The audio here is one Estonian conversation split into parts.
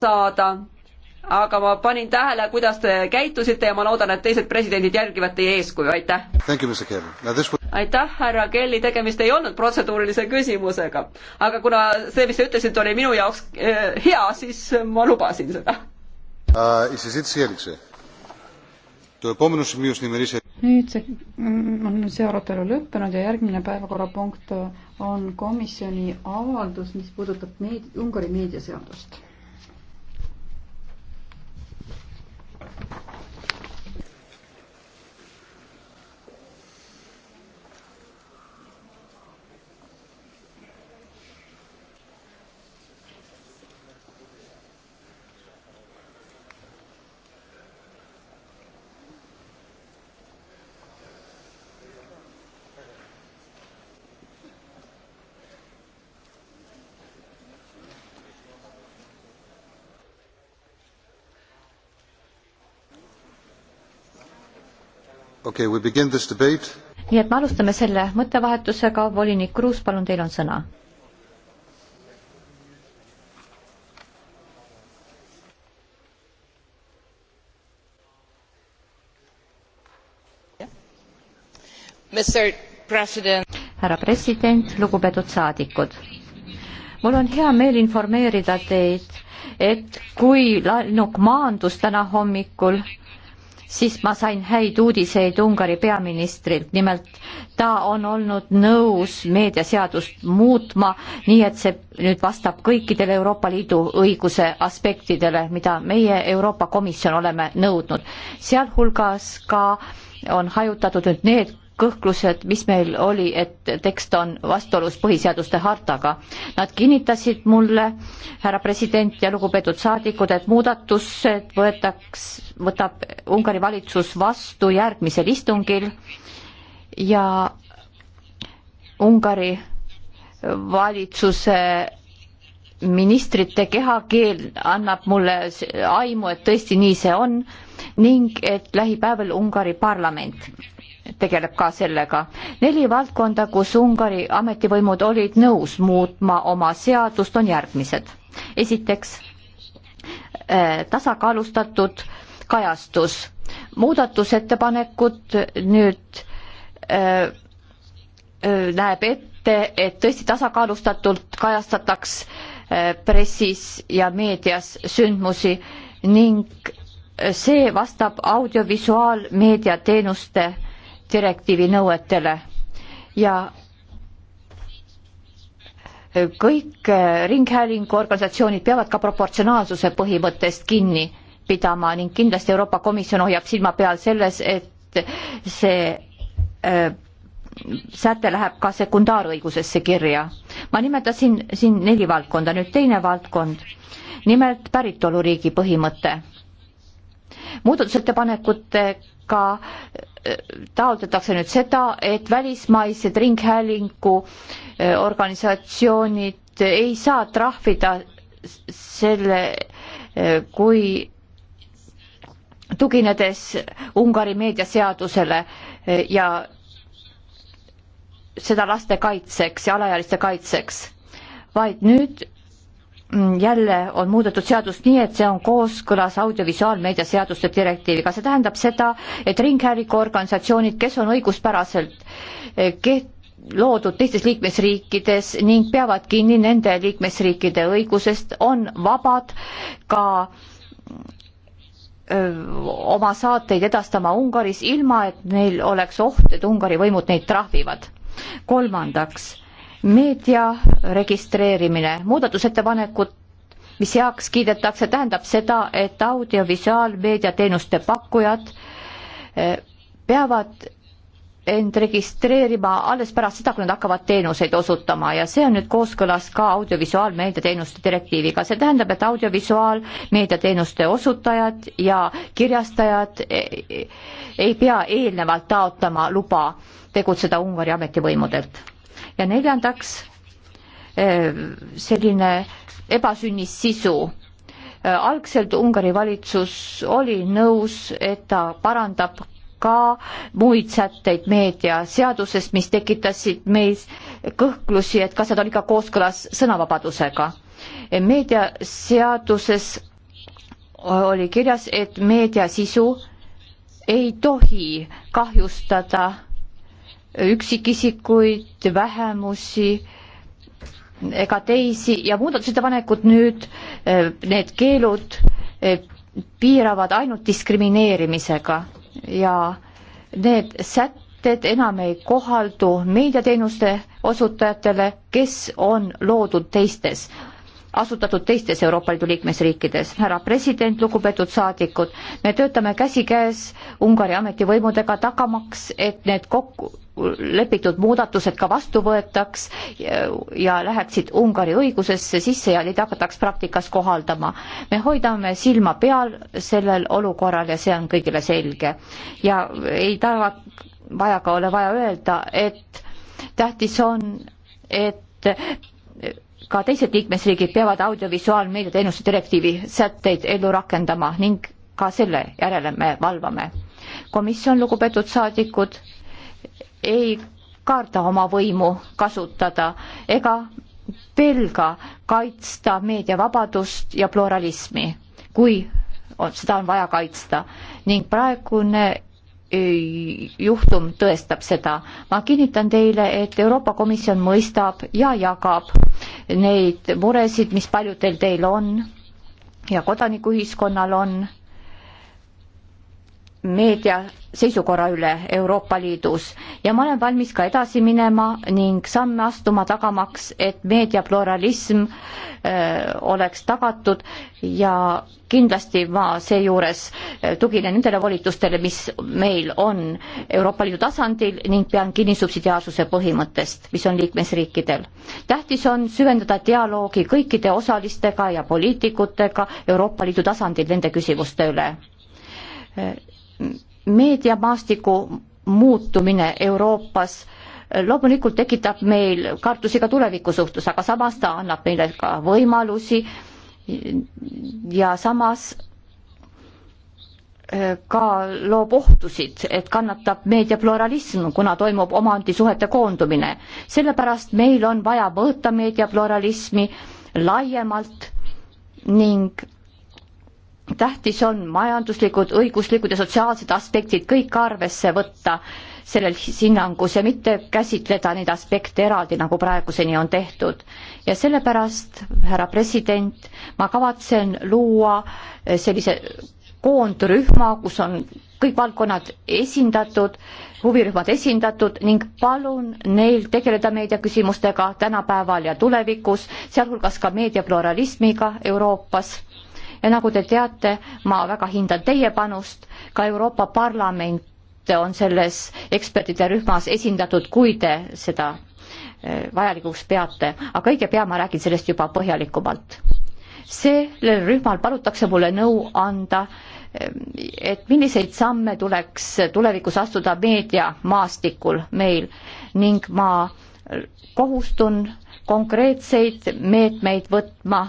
saada, aga ma panin tähele, kuidas te käitusite ja ma loodan, et teised presidendid järgivad teie eeskuju, aitäh! aitäh, härra Kelly, tegemist ei olnud protseduurilise küsimusega. aga kuna see, mis te ütlesite, oli minu jaoks eh, hea, siis ma lubasin seda uh,. nüüd see, mm, on see arutelu lõppenud ja järgmine päevakorrapunkt on komisjoni avaldus, mis puudutab meed-, Ungari meediaseadust okay,. nii et me alustame selle mõttevahetusega, volinik Kruus, palun, teil on sõna. härra president, lugupeetud saadikud. mul on hea meel informeerida teid, et kui lennuk maandus täna hommikul, siis ma sain häid uudiseid Ungari peaministrilt, nimelt ta on olnud nõus meediaseadust muutma, nii et see nüüd vastab kõikidele Euroopa Liidu õiguse aspektidele, mida meie Euroopa Komisjon oleme nõudnud. sealhulgas ka on hajutatud nüüd need kõhklused, mis meil oli, et tekst on vastuolus põhiseaduste hartaga. Nad kinnitasid mulle, härra president ja lugupeetud saadikud, et muudatused võetaks, võtab Ungari valitsus vastu järgmisel istungil ja Ungari valitsuse ministrite kehakeel annab mulle aimu, et tõesti nii see on ning et lähipäevil Ungari parlament tegeleb ka sellega. neli valdkonda, kus Ungari ametivõimud olid nõus muutma oma seadust, on järgmised. esiteks eh, tasakaalustatud kajastus, muudatusettepanekud nüüd öö, eh, öö, eh, näeb ette, et tõesti tasakaalustatult kajastataks öö, pressis ja meedias sündmusi ning see vastab audiovisuaalmeedia teenuste direktiivi nõuetele ja kõik ringhäälingu organisatsioonid peavad ka proportsionaalsuse põhimõttest kinni pidama ning kindlasti Euroopa Komisjon hoiab silma peal selles, et see äh, säte läheb ka sekundaarõigusesse kirja. ma nimetasin siin neli valdkonda, nüüd teine valdkond, nimelt päritoluriigi põhimõte muudatusettepanekutega äh, taotletakse nüüd seda, et välismaised ringhäälingu äh, organisatsioonid ei saa trahvida selle, äh, kui tuginedes Ungari meediaseadusele ja seda laste kaitseks ja alaealiste kaitseks, vaid nüüd jälle on muudetud seadust nii, et see on kooskõlas audiovisuaalmeedia seaduste direktiiviga, see tähendab seda, et ringhäälinguorganisatsioonid, kes on õiguspäraselt eh, keht-, loodud teistes liikmesriikides ning peavad kinni nende liikmesriikide õigusest, on vabad ka öö, eh, oma saateid edastama Ungaris, ilma et neil oleks oht, et Ungari võimud neid trahvivad. kolmandaks meedia registreerimine, muudatusettepanekud, mis heaks kiidetakse, tähendab seda, et audiovisuaalmeedia teenuste pakkujad eh, peavad end registreerima alles pärast seda, kui nad hakkavad teenuseid osutama ja see on nüüd kooskõlas ka audiovisuaalmeedia teenuste direktiiviga. see tähendab, et audiovisuaalmeedia teenuste osutajad ja kirjastajad eh, eh, ei pea eelnevalt taotlema luba tegutseda Ungari ametivõimudelt ja neljandaks eh, selline ebasünnis sisu. Eh, algselt Ungari valitsus oli nõus, et ta parandab ka muid sätteid meediaseadusest, mis tekitasid meis kõhklusi, et kas nad on ikka kooskõlas sõnavabadusega. Eh, meediaseaduses oli kirjas, et meediasisu ei tohi kahjustada üksikisikuid, vähemusi ega teisi ja muudatusettepanekud nüüd, eh, need keelud eh, piiravad ainult diskrimineerimisega ja need sätted enam ei kohaldu meediateenuste osutajatele, kes on loodud teistes asutatud teistes Euroopa Liidu liikmesriikides. härra president, lugupeetud saadikud, me töötame käsikäes Ungari ametivõimudega tagamaks, et need kokku lepitud muudatused ka vastu võetaks ja, ja läheksid Ungari õigusesse sisse ja neid hakataks praktikas kohaldama. me hoidame silma peal sellel olukorral ja see on kõigile selge. ja ei taha, vaja ka ole vaja öelda, et tähtis on, et ka teised liikmesriigid peavad audiovisuaalmeedia teenuste direktiivi sätteid ellu rakendama ning ka selle järele me valvame. komisjon, lugupeetud saadikud, ei kaarda oma võimu kasutada ega pelga kaitsta meediavabadust ja pluralismi, kui on, seda on vaja kaitsta ning praegune juhtum tõestab seda. ma kinnitan teile, et Euroopa Komisjon mõistab ja jagab neid muresid, mis paljudel teil on ja kodanikuühiskonnal on meedia seisukorra üle Euroopa Liidus ja ma olen valmis ka edasi minema ning samme astuma tagamaks, et meediapluralism äh, oleks tagatud ja kindlasti ma seejuures äh, tuginen nendele volitustele, mis meil on Euroopa Liidu tasandil ning pean kinni subsidiaarsuse põhimõttest, mis on liikmesriikidel. tähtis on süvendada dialoogi kõikide osalistega ja poliitikutega Euroopa Liidu tasandil nende küsimuste üle äh, meediamaastiku muutumine Euroopas loomulikult tekitab meil kartusi ka tuleviku suhtes, aga samas ta annab meile ka võimalusi ja samas äh, ka loob ohtusid, et kannatab meediapluralism, kuna toimub omandisuhete koondumine. sellepärast meil on vaja mõõta meediapluralismi laiemalt ning tähtis on majanduslikud, õiguslikud ja sotsiaalsed aspektid kõik arvesse võtta selles hinnangus ja mitte käsitleda neid aspekte eraldi, nagu praeguseni on tehtud. ja sellepärast, härra president, ma kavatsen luua sellise koondrühma, kus on kõik valdkonnad esindatud, huvirühmad esindatud ning palun neil tegeleda meediaküsimustega tänapäeval ja tulevikus, sealhulgas ka meediapluralismiga Euroopas ja nagu te teate, ma väga hindan teie panust, ka Euroopa Parlament on selles ekspertide rühmas esindatud, kui te seda eh, vajalikuks peate, aga õige pea ma räägin sellest juba põhjalikumalt. sellel rühmal palutakse mulle nõu anda, eh, et milliseid samme tuleks tulevikus astuda meediamaastikul meil ning ma kohustun konkreetseid meetmeid võtma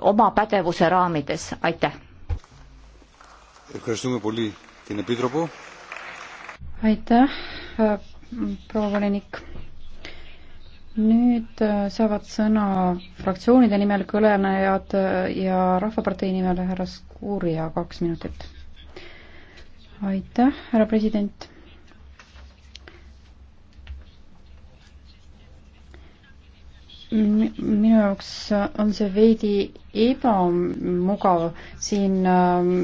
oma pädevuse raamides, aitäh. aitäh, proua volinik. nüüd saavad sõna fraktsioonide nimel kõnelejad ja Rahvapartei nimel härra Skuuria, kaks minutit. aitäh, härra president minu jaoks on see veidi ebamugav siin ähm,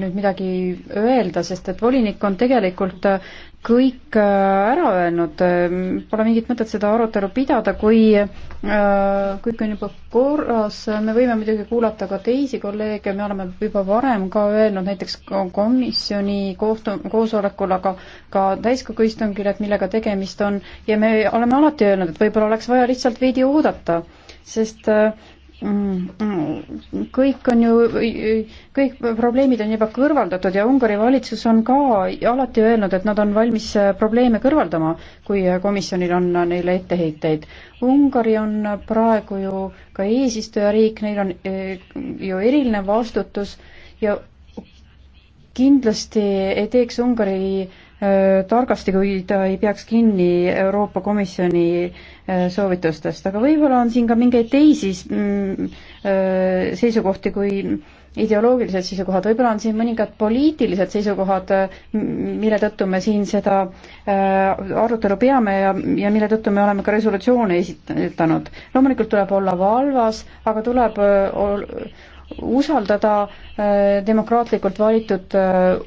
nüüd midagi öelda, sest et volinik on tegelikult äh, kõik äh, ära öelnud, ähm, pole mingit mõtet seda arutelu pidada, kui äh, kõik on juba korras, me võime muidugi kuulata ka teisi kolleege, me oleme juba varem ka öelnud näiteks komisjoni kohtu-, koosolekul, aga ka täiskogu istungil, et millega tegemist on ja me oleme alati öelnud, et võib-olla oleks vaja lihtsalt veidi oodata, sest äh, Mm, mm, kõik on ju, kõik probleemid on juba kõrvaldatud ja Ungari valitsus on ka alati öelnud, et nad on valmis äh, probleeme kõrvaldama, kui äh, komisjonil on äh, neile etteheiteid. Ungari on praegu ju ka eesistujariik, neil on ju eriline vastutus ja kindlasti ei teeks Ungari äh, targasti, kui ta ei peaks kinni Euroopa Komisjoni soovitustest, aga võib-olla on siin ka mingeid teisi mm, seisukohti, kui ideoloogilised seisukohad, võib-olla on siin mõningad poliitilised seisukohad, mille tõttu me siin seda arutelu peame ja, ja mille tõttu me oleme ka resolutsioone esitanud. loomulikult tuleb olla valvas, aga tuleb usaldada äh, demokraatlikult valitud äh,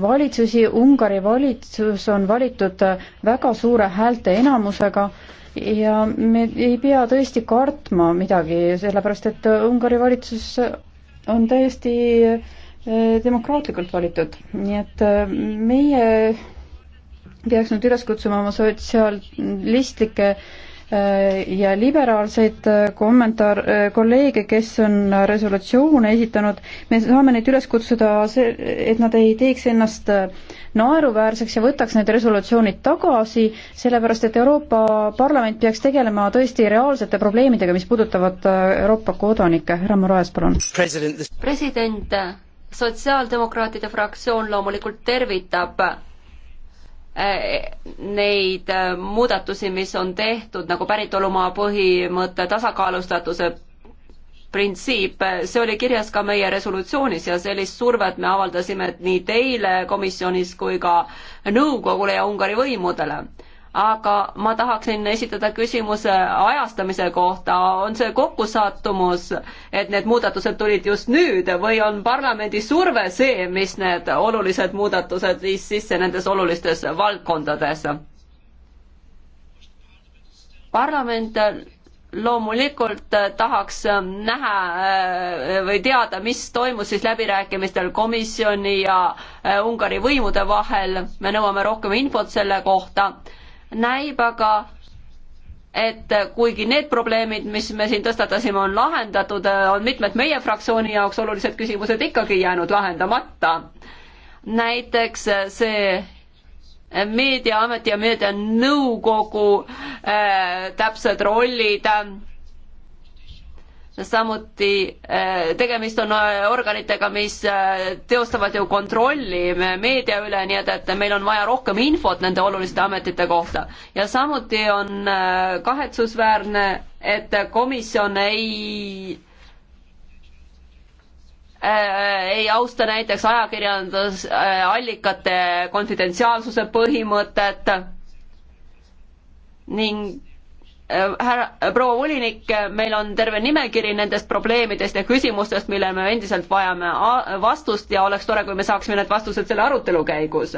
valitsusi, Ungari valitsus on valitud äh, väga suure häälte enamusega ja me ei pea tõesti kartma midagi, sellepärast et Ungari valitsus on täiesti demokraatlikult valitud, nii et meie peaks nüüd üles kutsuma oma sotsialistlikke äh, Äh, ja liberaalseid äh, kommentaar, äh, kolleege, kes on resolutsioone esitanud, me saame neid üles kutsuda, et nad ei teeks ennast naeruväärseks ja võtaks need resolutsioonid tagasi, sellepärast et Euroopa Parlament peaks tegelema tõesti reaalsete probleemidega, mis puudutavad Euroopa kodanikke. härra Moraes, palun. president, president, sotsiaaldemokraatide fraktsioon loomulikult tervitab neid äh, muudatusi, mis on tehtud nagu päritolumaa põhimõte, tasakaalustatuse printsiip, see oli kirjas ka meie resolutsioonis ja sellist survet me avaldasime nii teile komisjonis kui ka nõukogule ja Ungari võimudele aga ma tahaksin esitada küsimuse ajastamise kohta, on see kokkusattumus, et need muudatused tulid just nüüd või on parlamendi surve see, mis need olulised muudatused viis sisse nendes olulistes valdkondades? parlament loomulikult tahaks näha äh, või teada, mis toimus siis läbirääkimistel komisjoni ja äh, Ungari võimude vahel, me nõuame rohkem infot selle kohta näib aga, et kuigi need probleemid, mis me siin tõstatasime, on lahendatud, on mitmed meie fraktsiooni jaoks olulised küsimused ikkagi jäänud lahendamata. näiteks see meediaameti ja meedianõukogu äh, täpsed rollid äh, samuti eh, tegemist on eh, organitega, mis eh, teostavad ju kontrolli meedia üle, nii et, et meil on vaja rohkem infot nende oluliste ametite kohta. ja samuti on kahetsusväärne, et komisjon ei ei austa näiteks ajakirjandusallikate konfidentsiaalsuse põhimõtet ning härra, äh, proua volinik, meil on terve nimekiri nendest probleemidest ja küsimustest, millele me endiselt vajame vastust ja oleks tore, kui me saaksime need vastused selle arutelu käigus.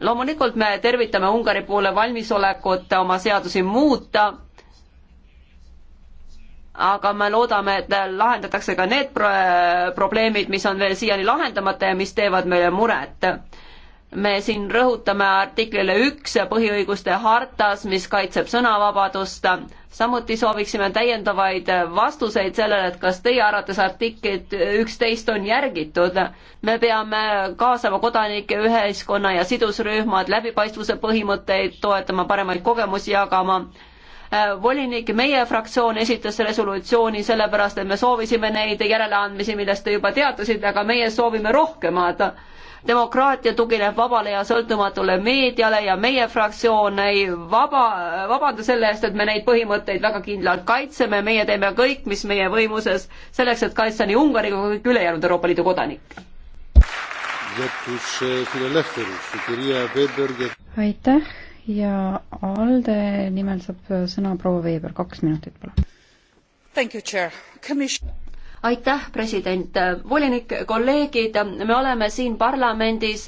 loomulikult me tervitame Ungari poole valmisolekut oma seadusi muuta, aga me loodame, et lahendatakse ka need pro probleemid, mis on veel siiani lahendamata ja mis teevad meile muret me siin rõhutame artiklile üks põhiõiguste hartas, mis kaitseb sõnavabadust. samuti sooviksime täiendavaid vastuseid sellele, et kas teie arvates artiklit üksteist on järgitud. me peame kaasama kodanike, ühiskonna ja sidusrühmad, läbipaistvuse põhimõtteid toetama, paremaid kogemusi jagama volinik, meie fraktsioon esitas resolutsiooni sellepärast, et me soovisime neid järeleandmisi, millest te juba teatasite, aga meie soovime rohkemat demokraatia tugineb vabale ja sõltumatule meediale ja meie fraktsioon ei vaba, vabanda selle eest, et me neid põhimõtteid väga kindlalt kaitseme, meie teeme kõik, mis meie võimuses, selleks, et kaitsta nii Ungari kui kõik ülejäänud Euroopa Liidu kodanikke. aitäh ja ALDE nimel saab sõna proua Veeber, kaks minutit palun aitäh, president, volinik, kolleegid, me oleme siin parlamendis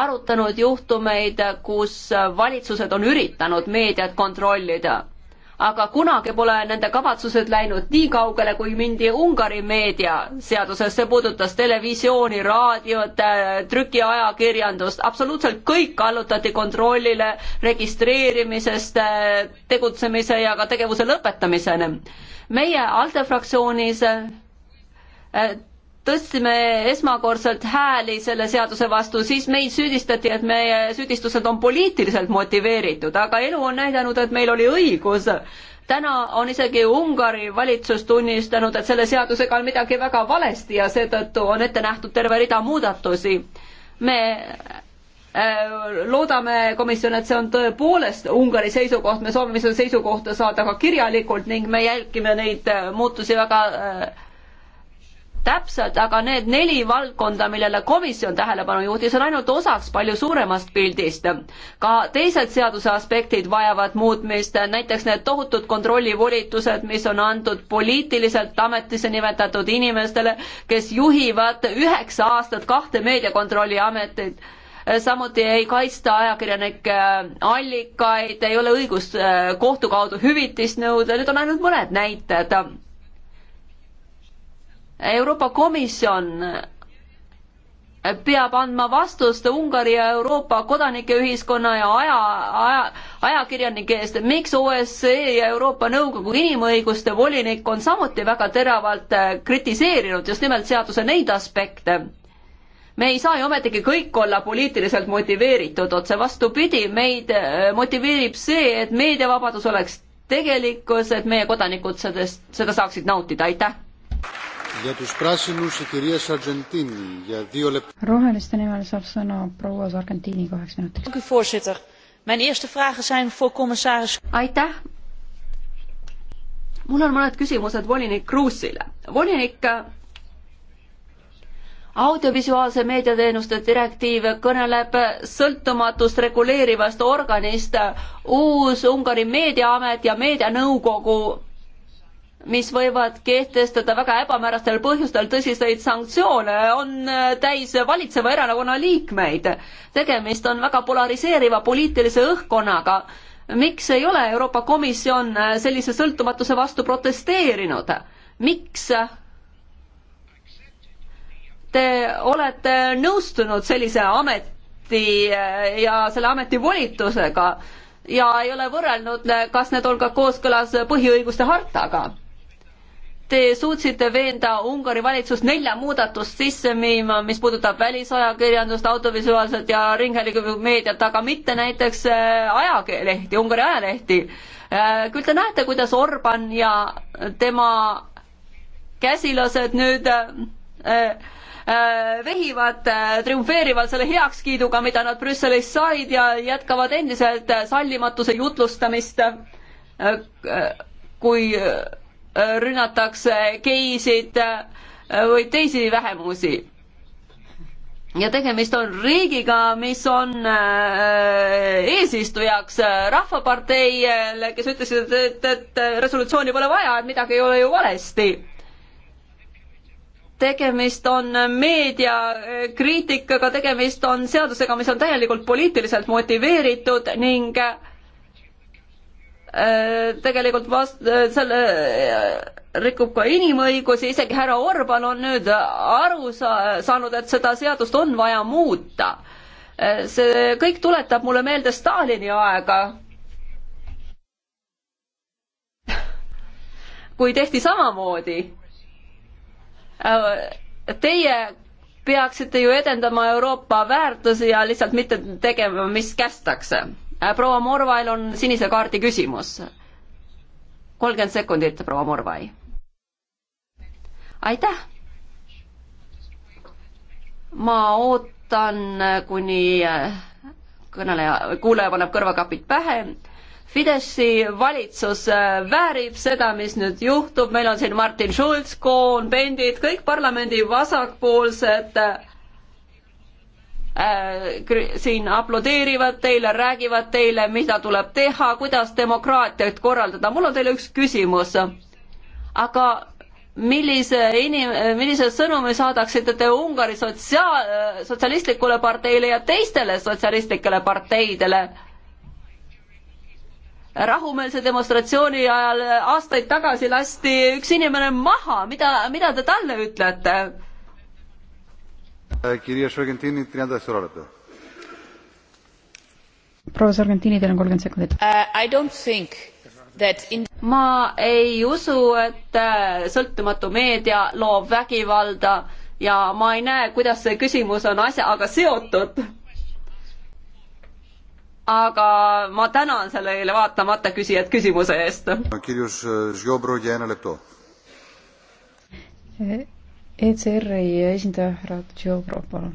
arutanud juhtumeid, kus valitsused on üritanud meediat kontrollida aga kunagi pole nende kavatsused läinud nii kaugele, kui mindi Ungari meediaseaduses, see puudutas televisiooni, raadiot, äh, trükiajakirjandust, absoluutselt kõik allutati kontrollile registreerimisest äh, tegutsemise ja ka tegevuse lõpetamiseni. meie ALDE fraktsioonis äh, tõstsime esmakordselt hääli selle seaduse vastu, siis meid süüdistati, et meie süüdistused on poliitiliselt motiveeritud, aga elu on näidanud, et meil oli õigus. täna on isegi Ungari valitsus tunnistanud, et selle seadusega on midagi väga valesti ja seetõttu on ette nähtud terve rida muudatusi. me äh, loodame, komisjon, et see on tõepoolest Ungari seisukoht, me soovime seda seisukohta saada ka kirjalikult ning me jälgime neid äh, muutusi väga äh, täpselt, aga need neli valdkonda, millele komisjon tähelepanu juhtis, on ainult osaks palju suuremast pildist. ka teised seaduse aspektid vajavad muutmist, näiteks need tohutud kontrollivolitused, mis on antud poliitiliselt ametisse nimetatud inimestele, kes juhivad üheksa aastat kahte meediakontrolli ametit samuti ei kaitsta ajakirjanike allikaid, ei ole õigust äh, kohtu kaudu hüvitist nõuda, need on ainult mõned näited Euroopa Komisjon peab andma vastust Ungari ja Euroopa kodanikeühiskonna ja aja, aja, ajakirjanike eest, miks OSCE ja Euroopa Nõukogu inimõiguste volinik on samuti väga teravalt äh, kritiseerinud just nimelt seaduse neid aspekte. me ei saa ju ometigi kõik olla poliitiliselt motiveeritud, otse vastupidi, meid äh, motiveerib see, et meediavabadus oleks tegelikkus, et meie kodanikud sellest, seda saaksid nautida, aitäh! roheliste nimel saab sõna proua Sargentini kaheks minutiks. aitäh. mul on mõned küsimused volinik Kruusile. volinik, audiovisuaalse meediateenuste direktiiv kõneleb sõltumatust reguleerivast organist. uus Ungari meediaamet ja meedianõukogu mis võivad kehtestada väga ebamäärastel põhjustel tõsiseid sanktsioone, on äh, täis valitseva erakonna liikmeid. tegemist on väga polariseeriva poliitilise õhkkonnaga. miks ei ole Euroopa Komisjon äh, sellise sõltumatuse vastu protesteerinud? miks äh, te olete nõustunud sellise ameti ja selle ameti volitusega ja ei ole võrrelnud, kas need on ka kooskõlas põhiõiguste hartaga? Te suutsite veenda Ungari valitsust nelja muudatust sisse viima, mis puudutab välisajakirjandust, autovisuaalset ja ringhäälingumeediat, aga mitte näiteks äh, ajalehti, Ungari ajalehti. Äh, küll te näete, kuidas Orban ja tema käsilased nüüd äh, vehivad triumfeerivalt selle heakskiiduga, mida nad Brüsselist said ja jätkavad endiselt sallimatuse jutlustamist, kui rünnatakse geisid äh, või teisi vähemusi. ja tegemist on riigiga, mis on äh, eesistujaks äh, Rahvaparteile, kes ütlesid, et, et resolutsiooni pole vaja, et midagi ei ole ju valesti tegemist on meediakriitikaga, tegemist on seadusega, mis on täielikult poliitiliselt motiveeritud ning äh, Äh, tegelikult vast-, äh, selle äh, rikub ka inimõigusi, isegi härra Orban on nüüd aru sa-, saanud, et seda seadust on vaja muuta. see kõik tuletab mulle meelde Stalini aega. kui tehti samamoodi. Teie peaksite ju edendama Euroopa väärtusi ja lihtsalt mitte tegema, mis kästakse Äh, proua Morvail on sinise kaardi küsimus. kolmkümmend sekundit, proua Morvai. aitäh. ma ootan, kuni äh, kõneleja, kuulaja paneb kõrvakapid pähe Fideszi valitsus äh, väärib seda, mis nüüd juhtub, meil on siin Martin Schulz, Kohn, Bendit, kõik parlamendi vasakpoolsed äh, Äh, siin aplodeerivad teile, räägivad teile, mida tuleb teha, kuidas demokraatiat korraldada. mul on teile üks küsimus. aga millise inim-, millise sõnumi saadaksite te Ungari sotsiaal, äh, sotsialistlikule parteile ja teistele sotsialistlikele parteidele? rahumeelse demonstratsiooni ajal aastaid tagasi lasti üks inimene maha, mida, mida te talle ütlete? proua Sargentini, teil on kolmkümmend sekundit uh,. In... ma ei usu, et äh, sõltumatu meedia loob vägivalda ja ma ei näe, kuidas see küsimus on asjaga seotud. aga ma tänan sellele vaatamata küsijad küsimuse eest. Äh, kirjus Žjobro äh, ja Ene Lepto ECR-i esindaja härra Tšiobro, palun.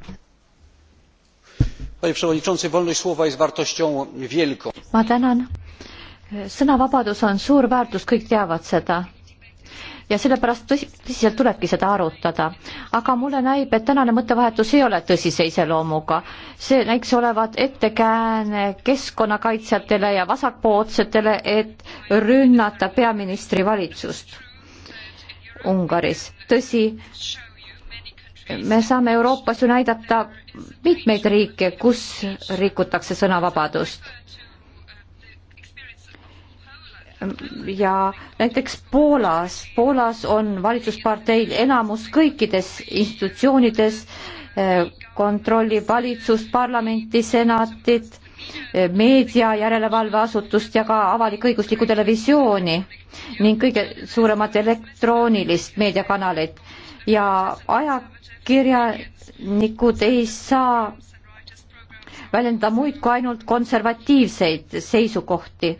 ma tänan. sõnavabadus on suur väärtus, kõik teavad seda ja sellepärast tõsi, tõsiselt tulebki seda arutada. aga mulle näib, et tänane mõttevahetus ei ole tõsise iseloomuga. see näiks olevat ettekääne keskkonnakaitsjatele ja vasakpoolsetele, et rünnata peaministri valitsust. Ungaris. tõsi, me saame Euroopas ju näidata mitmeid riike, kus rikutakse sõnavabadust. ja näiteks Poolas, Poolas on valitsusparteil enamus kõikides institutsioonides, eh, kontrollib valitsust, parlamenti, senatit meedia järelevalveasutust ja ka avalik-õiguslikku televisiooni ning kõige suuremat elektroonilist meediakanaleid ja ajakirjanikud ei saa väljendada muid kui ainult konservatiivseid seisukohti.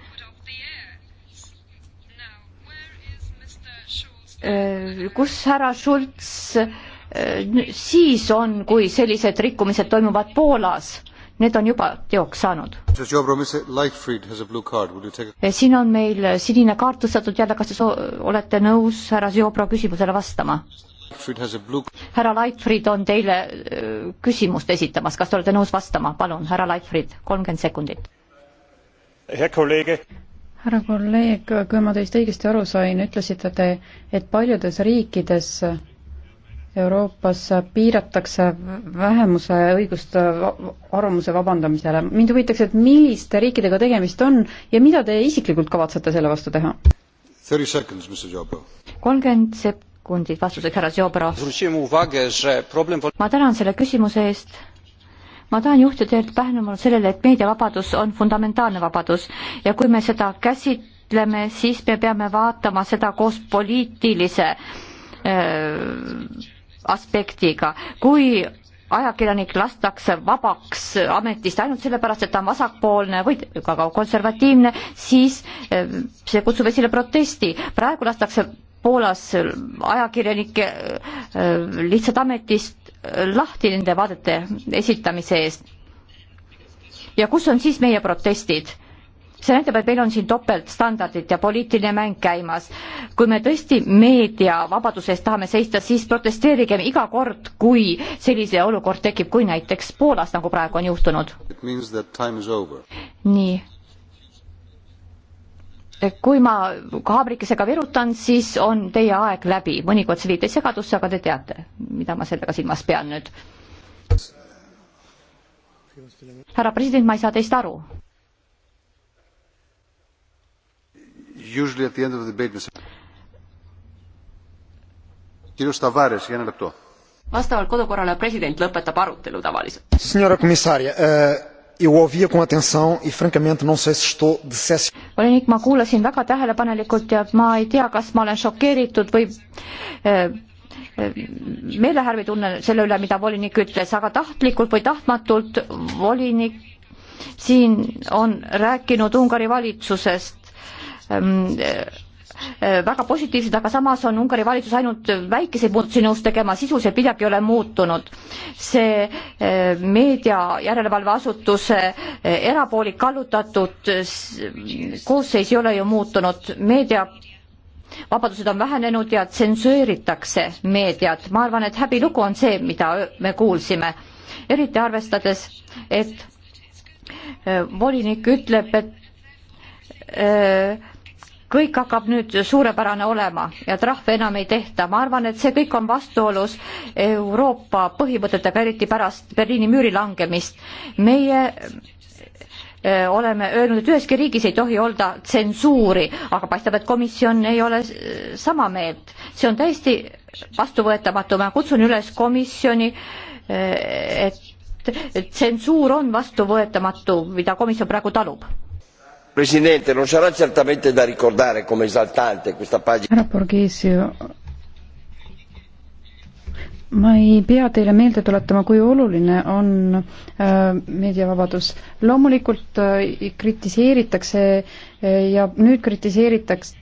Äh, kus härra Schulz äh, siis on, kui sellised rikkumised toimuvad Poolas? need on juba teoks saanud. siin on meil äh, sinine kaart tõstetud jälle, kas te soo-, olete nõus härra Ziobro küsimusele vastama? härra Leitfried on teile äh, küsimust esitamas, kas te olete nõus vastama, palun, härra Leitfried, kolmkümmend sekundit. härra kolleeg, kui ma teist õigesti aru sain, ütlesite te, et paljudes riikides Euroopas piiratakse vähemuse õigust arvamuse vabandamisele. mind huvitaks, et milliste riikidega tegemist on ja mida te isiklikult kavatsete selle vastu teha? kolmkümmend sekundit vastuseks, härra Zjobro. ma tänan selle küsimuse eest. ma tahan juhtida teilt tähelepanu sellele, et meediavabadus on fundamentaalne vabadus ja kui me seda käsitleme, siis me peame vaatama seda koos poliitilise öö, äh, aspektiga, kui ajakirjanik lastakse vabaks ametist ainult sellepärast, et ta on vasakpoolne või ka konservatiivne, siis eh, see kutsub esile protesti. praegu lastakse Poolas ajakirjanikke eh, lihtsalt ametist eh, lahti nende vaadete esitamise eest. ja kus on siis meie protestid? see näitab, et meil on siin topeltstandardid ja poliitiline mäng käimas. kui me tõesti meediavabaduse eest tahame seista, siis protesteerigem iga kord, kui selline olukord tekib, kui näiteks Poolas, nagu praegu on juhtunud. nii. kui ma haamrikesega virutan, siis on teie aeg läbi, mõnikord see viib teid segadusse, aga te teate, mida ma sellega silmas pean nüüd. härra president, ma ei saa teist aru Usually at the end of the debate, Mr. Kirjus Tavares, jälle lõpp too. vastavalt kodukorrale president lõpetab arutelu tavaliselt. Senhora komissaria äh,, eh, eu ouvia com atenção e francamente não sei se estou decepcionado. volinik, ma kuulasin väga tähelepanelikult ja ma ei tea, kas ma olen šokeeritud või äh, meelehärmi tunnen selle üle, mida volinik ütles, aga tahtlikult või tahtmatult volinik siin on rääkinud Ungari valitsusest Ehm, eh, eh, väga positiivsed, aga samas on Ungari valitsus ainult väikeseid muudatusi nõus tegema, sisuliselt midagi ei ole muutunud. see eh, meedia järelevalveasutuse erapoolik kallutatud koosseis ei ole ju muutunud, meedia vabadused on vähenenud ja tsenseeritakse meediat. ma arvan, et häbilugu on see, mida me kuulsime, eriti arvestades, et volinik ütleb, et öö, kõik hakkab nüüd suurepärane olema ja trahve enam ei tehta. ma arvan, et see kõik on vastuolus Euroopa põhimõtetega, eriti pärast Berliini müüri langemist. meie e, oleme öelnud, et üheski riigis ei tohi olla tsensuuri, aga paistab, et komisjon ei ole e, sama meelt. see on täiesti vastuvõetamatu, ma kutsun üles komisjoni, e, et tsensuur on vastuvõetamatu, mida komisjon praegu talub presidente non sarà certamente da ricordare come esaltante questa pagina. härra Borghesio, ma ei pea teile meelde tuletama, kui oluline on äh, meediavabadus. loomulikult äh, kritiseeritakse äh, ja nüüd kritiseeritakse,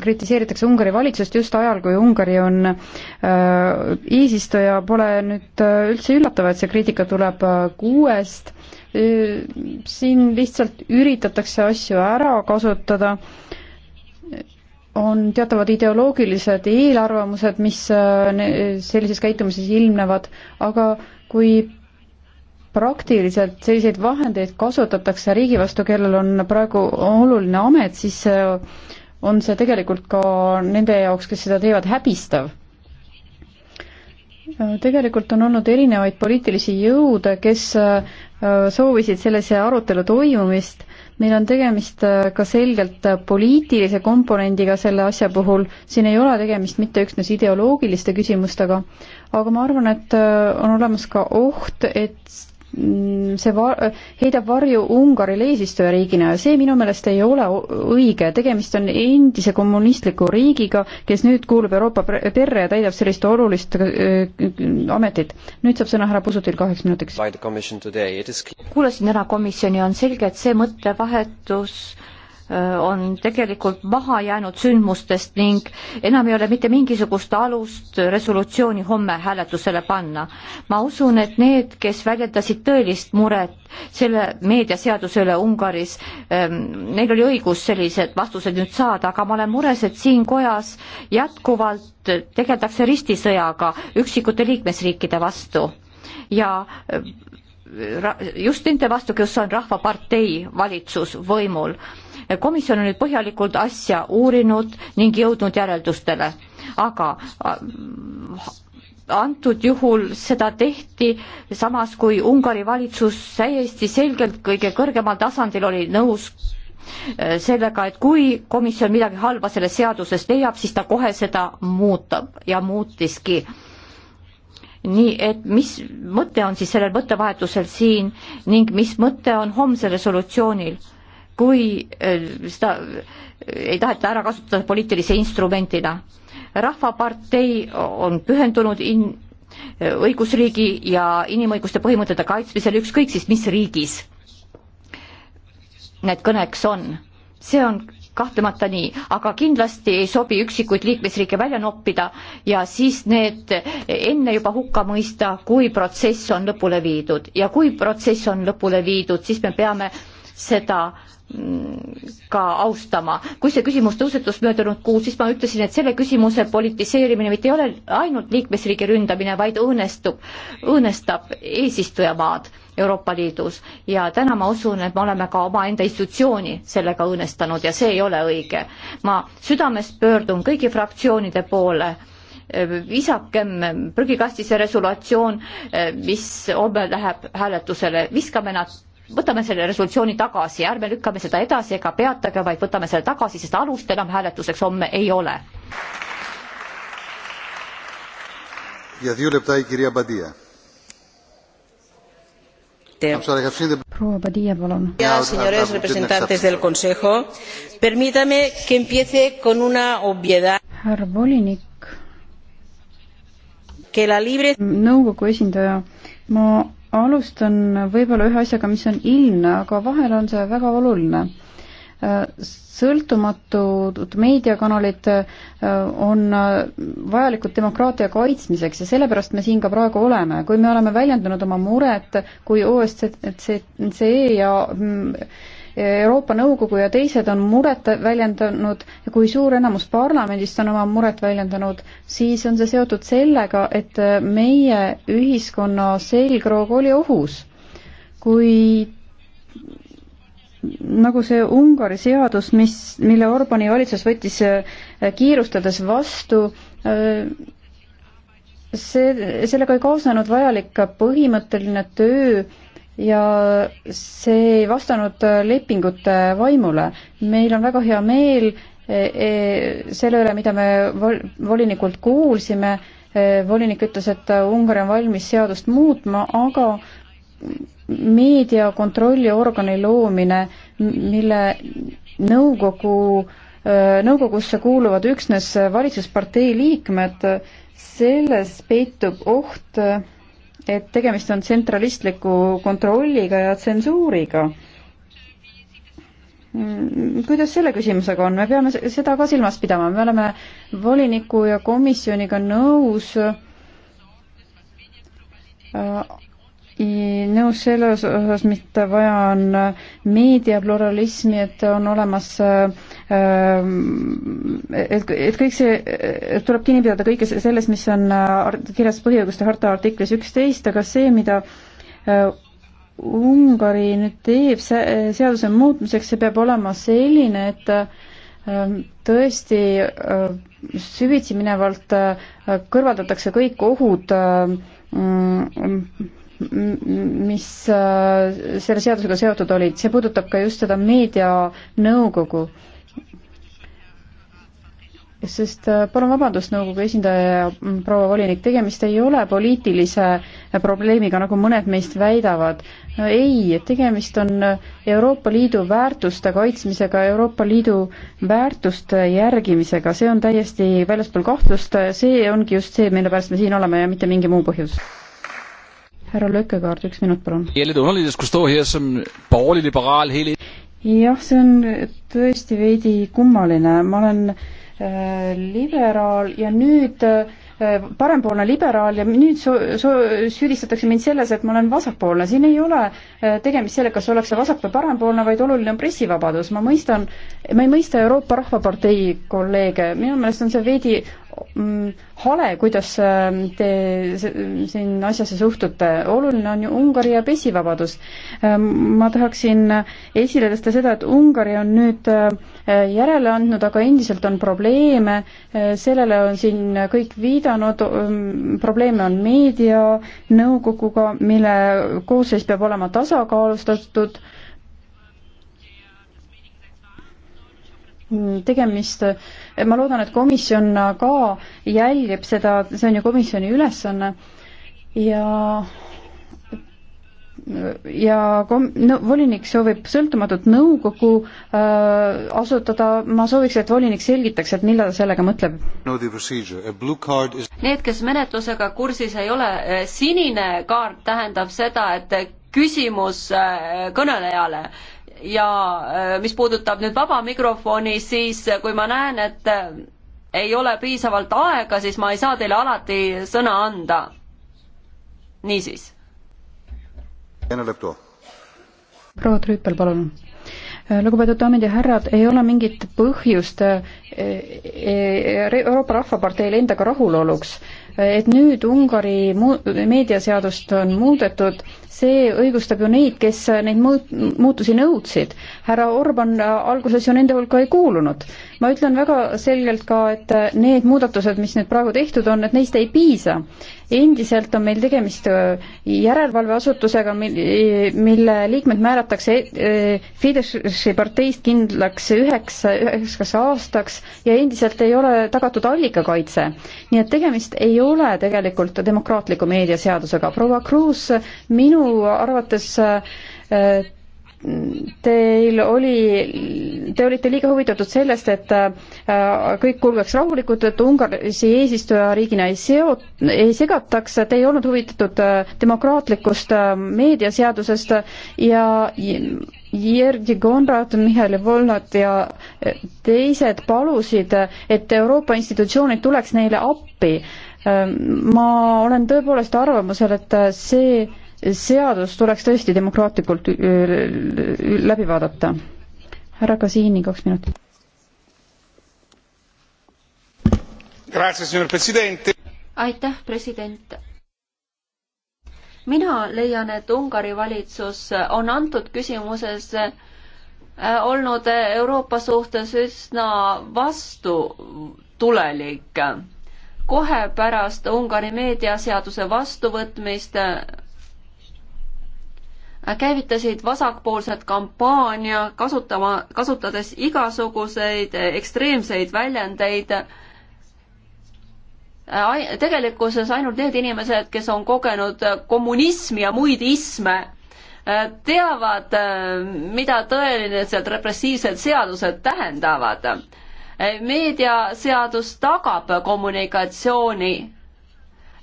kritiseeritakse Ungari valitsust just ajal, kui Ungari on äh, eesistuja, pole nüüd äh, üldse üllatav, et see kriitika tuleb äh, kuuest siin lihtsalt üritatakse asju ära kasutada, on teatavad ideoloogilised eelarvamused, mis äh, sellises käitumises ilmnevad, aga kui praktiliselt selliseid vahendeid kasutatakse riigi vastu, kellel on praegu oluline amet, siis äh, on see tegelikult ka nende jaoks, kes seda teevad, häbistav. Äh, tegelikult on olnud erinevaid poliitilisi jõude, kes Äh, soovisid sellise arutelu toimumist. meil on tegemist äh, ka selgelt äh, poliitilise komponendiga selle asja puhul, siin ei ole tegemist mitte üksnes ideoloogiliste küsimustega, aga ma arvan, et on olemas ka oht, et Mm, see va-, heidab varju Ungarile eesistujariigina ja see minu meelest ei ole õige, tegemist on endise kommunistliku riigiga, kes nüüd kuulub Euroopa perre ja täidab sellist olulist äh, ametit. nüüd saab sõna härra Pusutil kaheks minutiks. kuulasin ära komisjoni, on selge, et see mõttevahetus äh, on tegelikult maha jäänud sündmustest ning enam ei ole mitte mingisugust alust resolutsiooni homme hääletusele panna. ma usun, et need, kes väljendasid tõelist muret selle meediaseaduse üle Ungaris, neil oli õigus sellised vastused nüüd saada, aga ma olen mures, et siin kojas jätkuvalt tegeldakse ristisõjaga üksikute liikmesriikide vastu ja just nende vastu, kes on Rahvapartei valitsus võimul komisjon on nüüd põhjalikult asja uurinud ning jõudnud järeldustele, aga äh, antud juhul seda tehti, samas kui Ungari valitsus täiesti selgelt kõige kõrgemal tasandil oli nõus äh, sellega, et kui komisjon midagi halba sellest seadusest leiab, siis ta kohe seda muutab ja muutiski nii et mis mõte on siis sellel mõttevahetusel siin ning mis mõte on homse resolutsioonil? kui äh, seda äh, ei taheta ära kasutada poliitilise instrumendina. rahvapartei on pühendunud in-, äh, õigusriigi ja inimõiguste põhimõtete kaitsmisele ükskõik siis mis riigis need kõneks on. see on kahtlemata nii, aga kindlasti ei sobi üksikuid liikmesriike välja noppida ja siis need enne juba hukka mõista, kui protsess on lõpule viidud ja kui protsess on lõpule viidud, siis me peame äh, seda mm, ka austama. kui see küsimus tõusetus möödunud kuus, siis ma ütlesin, et selle küsimuse politiseerimine mitte ei ole ainult liikmesriigi ründamine, vaid õõnestub, õõnestab eesistujamaad Euroopa Liidus ja täna ma usun, et me oleme ka omaenda institutsiooni sellega õõnestanud ja see ei ole õige. ma südamest pöördun kõigi fraktsioonide poole visakem prügikastisse resolutsioon, mis homme läheb hääletusele, viskame nad võtame selle resolutsiooni tagasi, ärme lükkame seda edasi ega peatage, vaid võtame selle tagasi, sest alust enam hääletuseks homme ei ole. proua Padilla, palun. Señores representantes del consejo, permítame que empiece con una obviedad. härra volinik. nõukogu esindaja, ma alustan võib-olla ühe asjaga, mis on ilmne, aga vahel on see väga oluline. Äh, sõltumatud meediakanalid äh, on äh, vajalikud demokraatia kaitsmiseks ja sellepärast me siin ka praegu oleme. kui me oleme väljendanud oma muret, kui OSCE ja mm, Euroopa Nõukogu ja teised on muret väljendanud ja kui suur enamus parlamendist on oma muret väljendanud, siis on see seotud sellega, et meie ühiskonna selgroog oli ohus. kui nagu see Ungari seadus, mis, mille Orbani valitsus võttis äh, kiirustades vastu, äh, see, sellega ei kaasnenud vajalik põhimõtteline töö ja see ei vastanud lepingute vaimule. meil on väga hea meel e, e, selle üle, mida me vol-, volinikult kuulsime, e, volinik ütles, et Ungari on valmis seadust muutma, aga meedia kontrolliorgani loomine, mille nõukogu, nõukogusse kuuluvad üksnes valitsuspartei liikmed, selles peitub oht et tegemist on tsentralistliku kontrolliga ja tsensuuriga. kuidas selle küsimusega on, me peame seda ka silmas pidama, me oleme voliniku ja komisjoniga nõus äh, nõus selles osas, mida vaja on äh, meediapluralismi, et on olemas äh, et, et kõik see, äh, tuleb kinni pidada kõike sellest, mis on kirjas põhiõiguste harta artiklis üksteist, aga see, mida Ungari nüüd teeb seaduse muutmiseks, see peab olema selline, et tõesti süvitsi minevalt kõrvaldatakse kõik ohud mm, mis äh, selle seadusega seotud olid, see puudutab ka just seda meedianõukogu. sest äh, palun vabandust, nõukogu esindaja ja mm, proua volinik, tegemist ei ole poliitilise probleemiga, nagu mõned meist väidavad. ei, tegemist on Euroopa Liidu väärtuste kaitsmisega, Euroopa Liidu väärtuste järgimisega, see on täiesti väljaspool kahtlust, see ongi just see, mille pärast me siin oleme ja mitte mingi muu põhjus härra Lökkekaart, üks minut palun. jah, see on tõesti veidi kummaline, ma olen äh, liberaal ja nüüd äh, parempoolne liberaal ja nüüd so, so, süüdistatakse mind selles, et ma olen vasakpoolne. siin ei ole äh, tegemist sellega, kas ollakse vasak- või parempoolne, vaid oluline on pressivabadus. ma mõistan, ma ei mõista Euroopa Rahvapartei kolleege, minu meelest on see veidi Mm, hale, kuidas ähm, te siin asjasse suhtute. oluline on ju Ungari ja pesivabadus. Ähm, ma tahaksin esile tõsta seda, et Ungari on nüüd äh, järele andnud, aga endiselt on probleeme. Äh, sellele on siin kõik viidanud. Ähm, probleeme on meedianõukoguga, mille koosseis peab olema tasakaalustatud Mm, tegemist, eh, ma loodan, et komisjon ka jälgib seda, see on ju komisjoni ülesanne ja ja kom-, no, volinik soovib sõltumatut nõukogu äh, asutada, ma sooviks, et volinik selgitaks, et millal ta sellega mõtleb no,. Is... Need, kes menetlusega kursis ei ole, äh, sinine kaart tähendab seda, et küsimus äh, kõnelejale äh, ja äh, mis puudutab nüüd vaba mikrofoni, siis äh, kui ma näen, et äh, ei ole piisavalt aega, siis ma ei saa teile alati sõna anda. niisiis. proua Trüüpel, palun lugupeetud daamid ja härrad, ei ole mingit põhjust e, e, Euroopa Rahvaparteil endaga rahuloluks, et nüüd Ungari meediaseadust on muudetud see õigustab ju neid, kes neid muut-, muutusi nõudsid. härra Orban äh, alguses ju nende hulka ei kuulunud. ma ütlen väga selgelt ka, et äh, need muudatused, mis nüüd praegu tehtud on, et neist ei piisa. endiselt on meil tegemist äh, järelevalveasutusega, mille liikmed määratakse Fideszi parteist kindlaks üheksa, üheksaks aastaks ja endiselt ei ole tagatud allikakaitse. nii et tegemist ei ole tegelikult demokraatliku meediaseadusega. proua Kruus, minu arvates äh, teil oli, te olite liiga huvitatud sellest, et äh, kõik kulgeks rahulikult, et Ungarisi eesistujariigina ei seo-, ei segataks, te ei olnud huvitatud äh, demokraatlikust meediaseadusest ja Jergi Konrad, Mihhail Volnat ja teised palusid, et Euroopa institutsioonid tuleks neile appi. ma olen tõepoolest arvamusel, et see seadus tuleks tõesti demokraatlikult äh, läbi vaadata. härra Kasiini, kaks minutit. aitäh, president. mina leian, et Ungari valitsus on antud küsimuses äh, olnud Euroopa suhtes üsna vastutulelik. kohe pärast Ungari meediaseaduse vastuvõtmist käivitasid vasakpoolset kampaania kasutama, kasutades igasuguseid ekstreemseid väljendeid. tegelikkuses ainult need inimesed, kes on kogenud kommunismi ja muid isme, äh, teavad, äh, mida tõeliselt repressiivsed seadused tähendavad äh, meediaseadus tagab kommunikatsiooni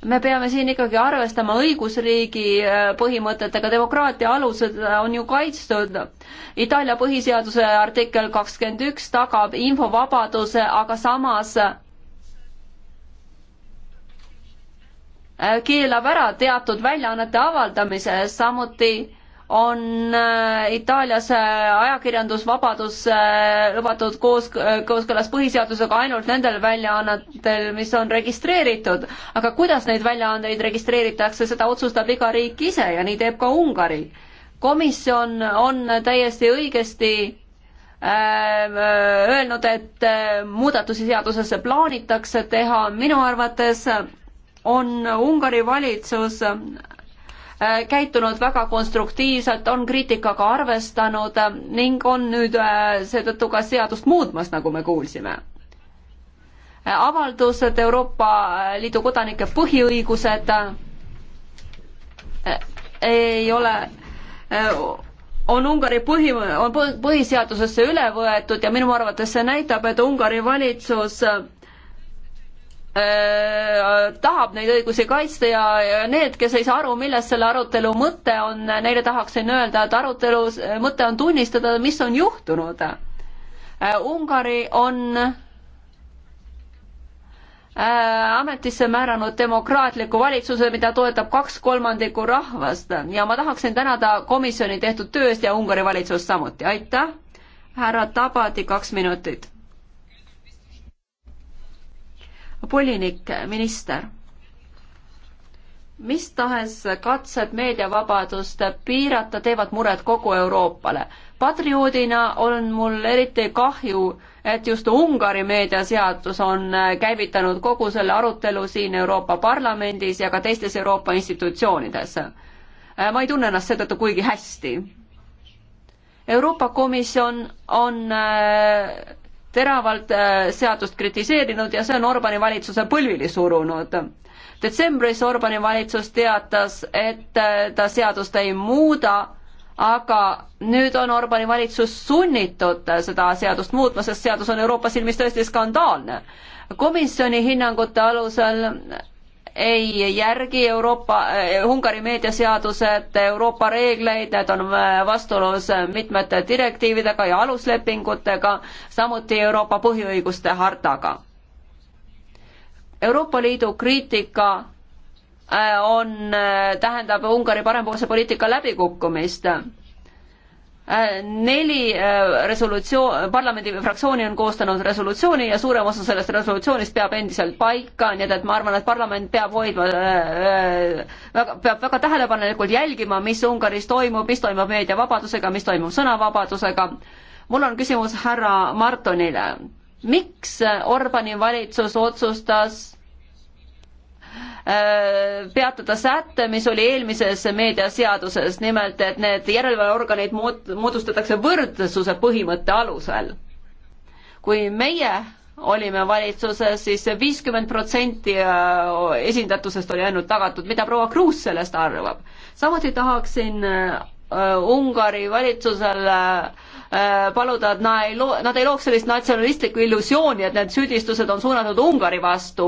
me peame siin ikkagi arvestama õigusriigi äh, põhimõtetega, demokraatia alused äh, on ju kaitstud. Itaalia põhiseaduse artikkel kakskümmend üks tagab infovabaduse, aga samas äh, keelab ära teatud väljaannete avaldamise, samuti on äh, Itaalias äh, ajakirjandusvabadus äh, lubatud koos, kooskõlas põhiseadusega ainult nendel väljaannetel, mis on registreeritud. aga kuidas neid väljaandeid registreeritakse, seda otsustab iga riik ise ja nii teeb ka Ungari. komisjon on täiesti õigesti öelnud, et muudatusi seadusesse plaanitakse teha, minu arvates on Ungari valitsus Äh, käitunud väga konstruktiivselt, on kriitikaga arvestanud äh, ning on nüüd äh, seetõttu ka seadust muutmas, nagu me kuulsime. avaldused Euroopa Liidu kodanike põhiõigused ei ole on Ungari põhi, on põhiseadusesse üle võetud ja minu arvates see näitab, et Ungari valitsus äh, Äh, tahab neid õigusi kaitsta ja, ja need, kes ei saa aru, milles selle arutelu mõte on, neile tahaksin öelda, et arutelu äh, mõte on tunnistada, mis on juhtunud. Äh, Ungari on ametisse määranud demokraatliku valitsuse, mida toetab kaks kolmandikku rahvast ja ma tahaksin tänada komisjoni tehtud töö eest ja Ungari valitsust samuti, aitäh. härra Tabadi, kaks minutit volinik, minister mis tahes katsed meediavabadust piirata teevad muret kogu Euroopale. patrioodina on mul eriti kahju, et just Ungari meediaseadus on käivitanud kogu selle arutelu siin Euroopa Parlamendis ja ka teistes Euroopa institutsioonides. ma ei tunne ennast seetõttu kuigi hästi. Euroopa Komisjon on äh, teravalt äh, seadust kritiseerinud ja see on Orbani valitsuse põlvili surunud. detsembris Orbani valitsus teatas, et äh, ta seadust ei muuda, aga nüüd on Orbani valitsus sunnitud äh, seda seadust muutma, sest seadus on Euroopa silmis tõesti skandaalne. komisjoni hinnangute alusel ei järgi Euroopa, eh, Ungari meediaseadused, Euroopa reegleid, need on eh, vastuolus eh, mitmete direktiividega ja aluslepingutega, samuti Euroopa põhiõiguste hartaga. Euroopa Liidu kriitika on, tähendab Ungari parempoolse poliitika läbikukkumist Äh, neli äh, resolutsioon, parlamendifraktsiooni on koostanud resolutsiooni ja suurem osa sellest resolutsioonist peab endiselt paika, nii et, et ma arvan, et parlament peab hoidma äh, äh,, väga, peab väga tähelepanelikult jälgima, mis Ungaris toimub, mis toimub meediavabadusega, mis toimub sõnavabadusega. mul on küsimus härra Martonile. miks Orbani valitsus otsustas Äh, peatada säte, mis oli eelmises meediaseaduses, nimelt et need järelevalveorganid mood-, moodustatakse võrdsuse põhimõtte alusel. kui meie olime valitsuses siis, siis viiskümmend protsenti äh, esindatusest oli ainult tagatud, mida proua Kruus sellest arvab. samuti tahaksin äh, Ungari valitsusele Äh, paluda, et nad ei loo-, nad ei looks sellist natsionalistlikku illusiooni, et need süüdistused on suunatud Ungari vastu.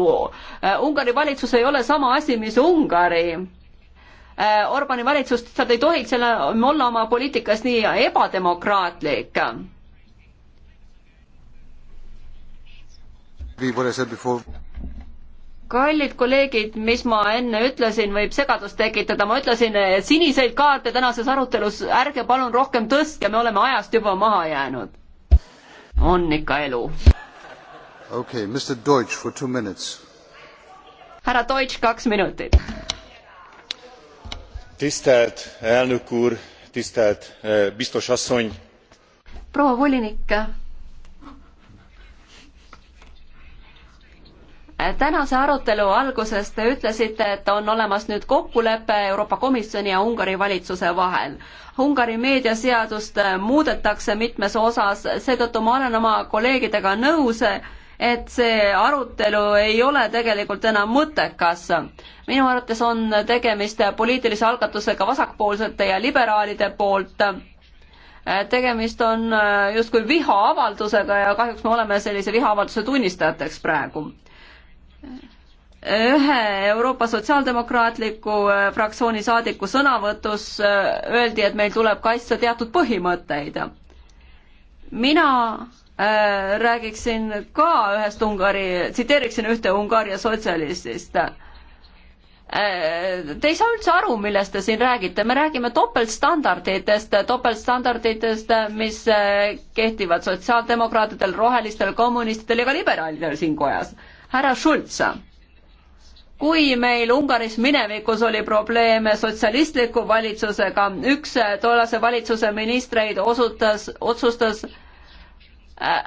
Äh, Ungari valitsus ei ole sama asi, mis Ungari. Äh, Orbani valitsus lihtsalt ei tohiks selle, olla oma poliitikas nii ebademokraatlik. We would have said before kallid kolleegid, mis ma enne ütlesin, võib segadust tekitada, ma ütlesin, eh, siniseid kaarte tänases arutelus ärge palun rohkem tõstke, me oleme ajast juba maha jäänud. on ikka elu. okei okay,, Mr Deutsch for two minutes. härra Deutsch, kaks minutit. tisztelt elnök úr, tisztelt eh, biztos asszony. proua volinik tänase arutelu alguses te ütlesite, et on olemas nüüd kokkulepe Euroopa Komisjoni ja Ungari valitsuse vahel. Ungari meediaseadust muudetakse mitmes osas, seetõttu ma olen oma kolleegidega nõus, et see arutelu ei ole tegelikult enam mõttekas. minu arvates on tegemist poliitilise algatusega vasakpoolsete ja liberaalide poolt. tegemist on justkui vihaavaldusega ja kahjuks me oleme sellise vihaavalduse tunnistajateks praegu ühe Euroopa Sotsiaaldemokraatliku äh, fraktsiooni saadiku sõnavõtus äh, öeldi, et meil tuleb kaitsta teatud põhimõtteid. mina äh, räägiksin ka ühest Ungari, tsiteeriksin ühte Ungaria sotsialistist Te ei saa üldse aru, millest te siin räägite, me räägime topeltstandarditest, topeltstandarditest, mis kehtivad sotsiaaldemokraatidel, rohelistel, kommunistidel ja ka liberaalidel siin kojas härra Schulz, kui meil Ungaris minevikus oli probleeme sotsialistliku valitsusega, üks äh, tollase valitsuse ministreid osutas, otsustas äh,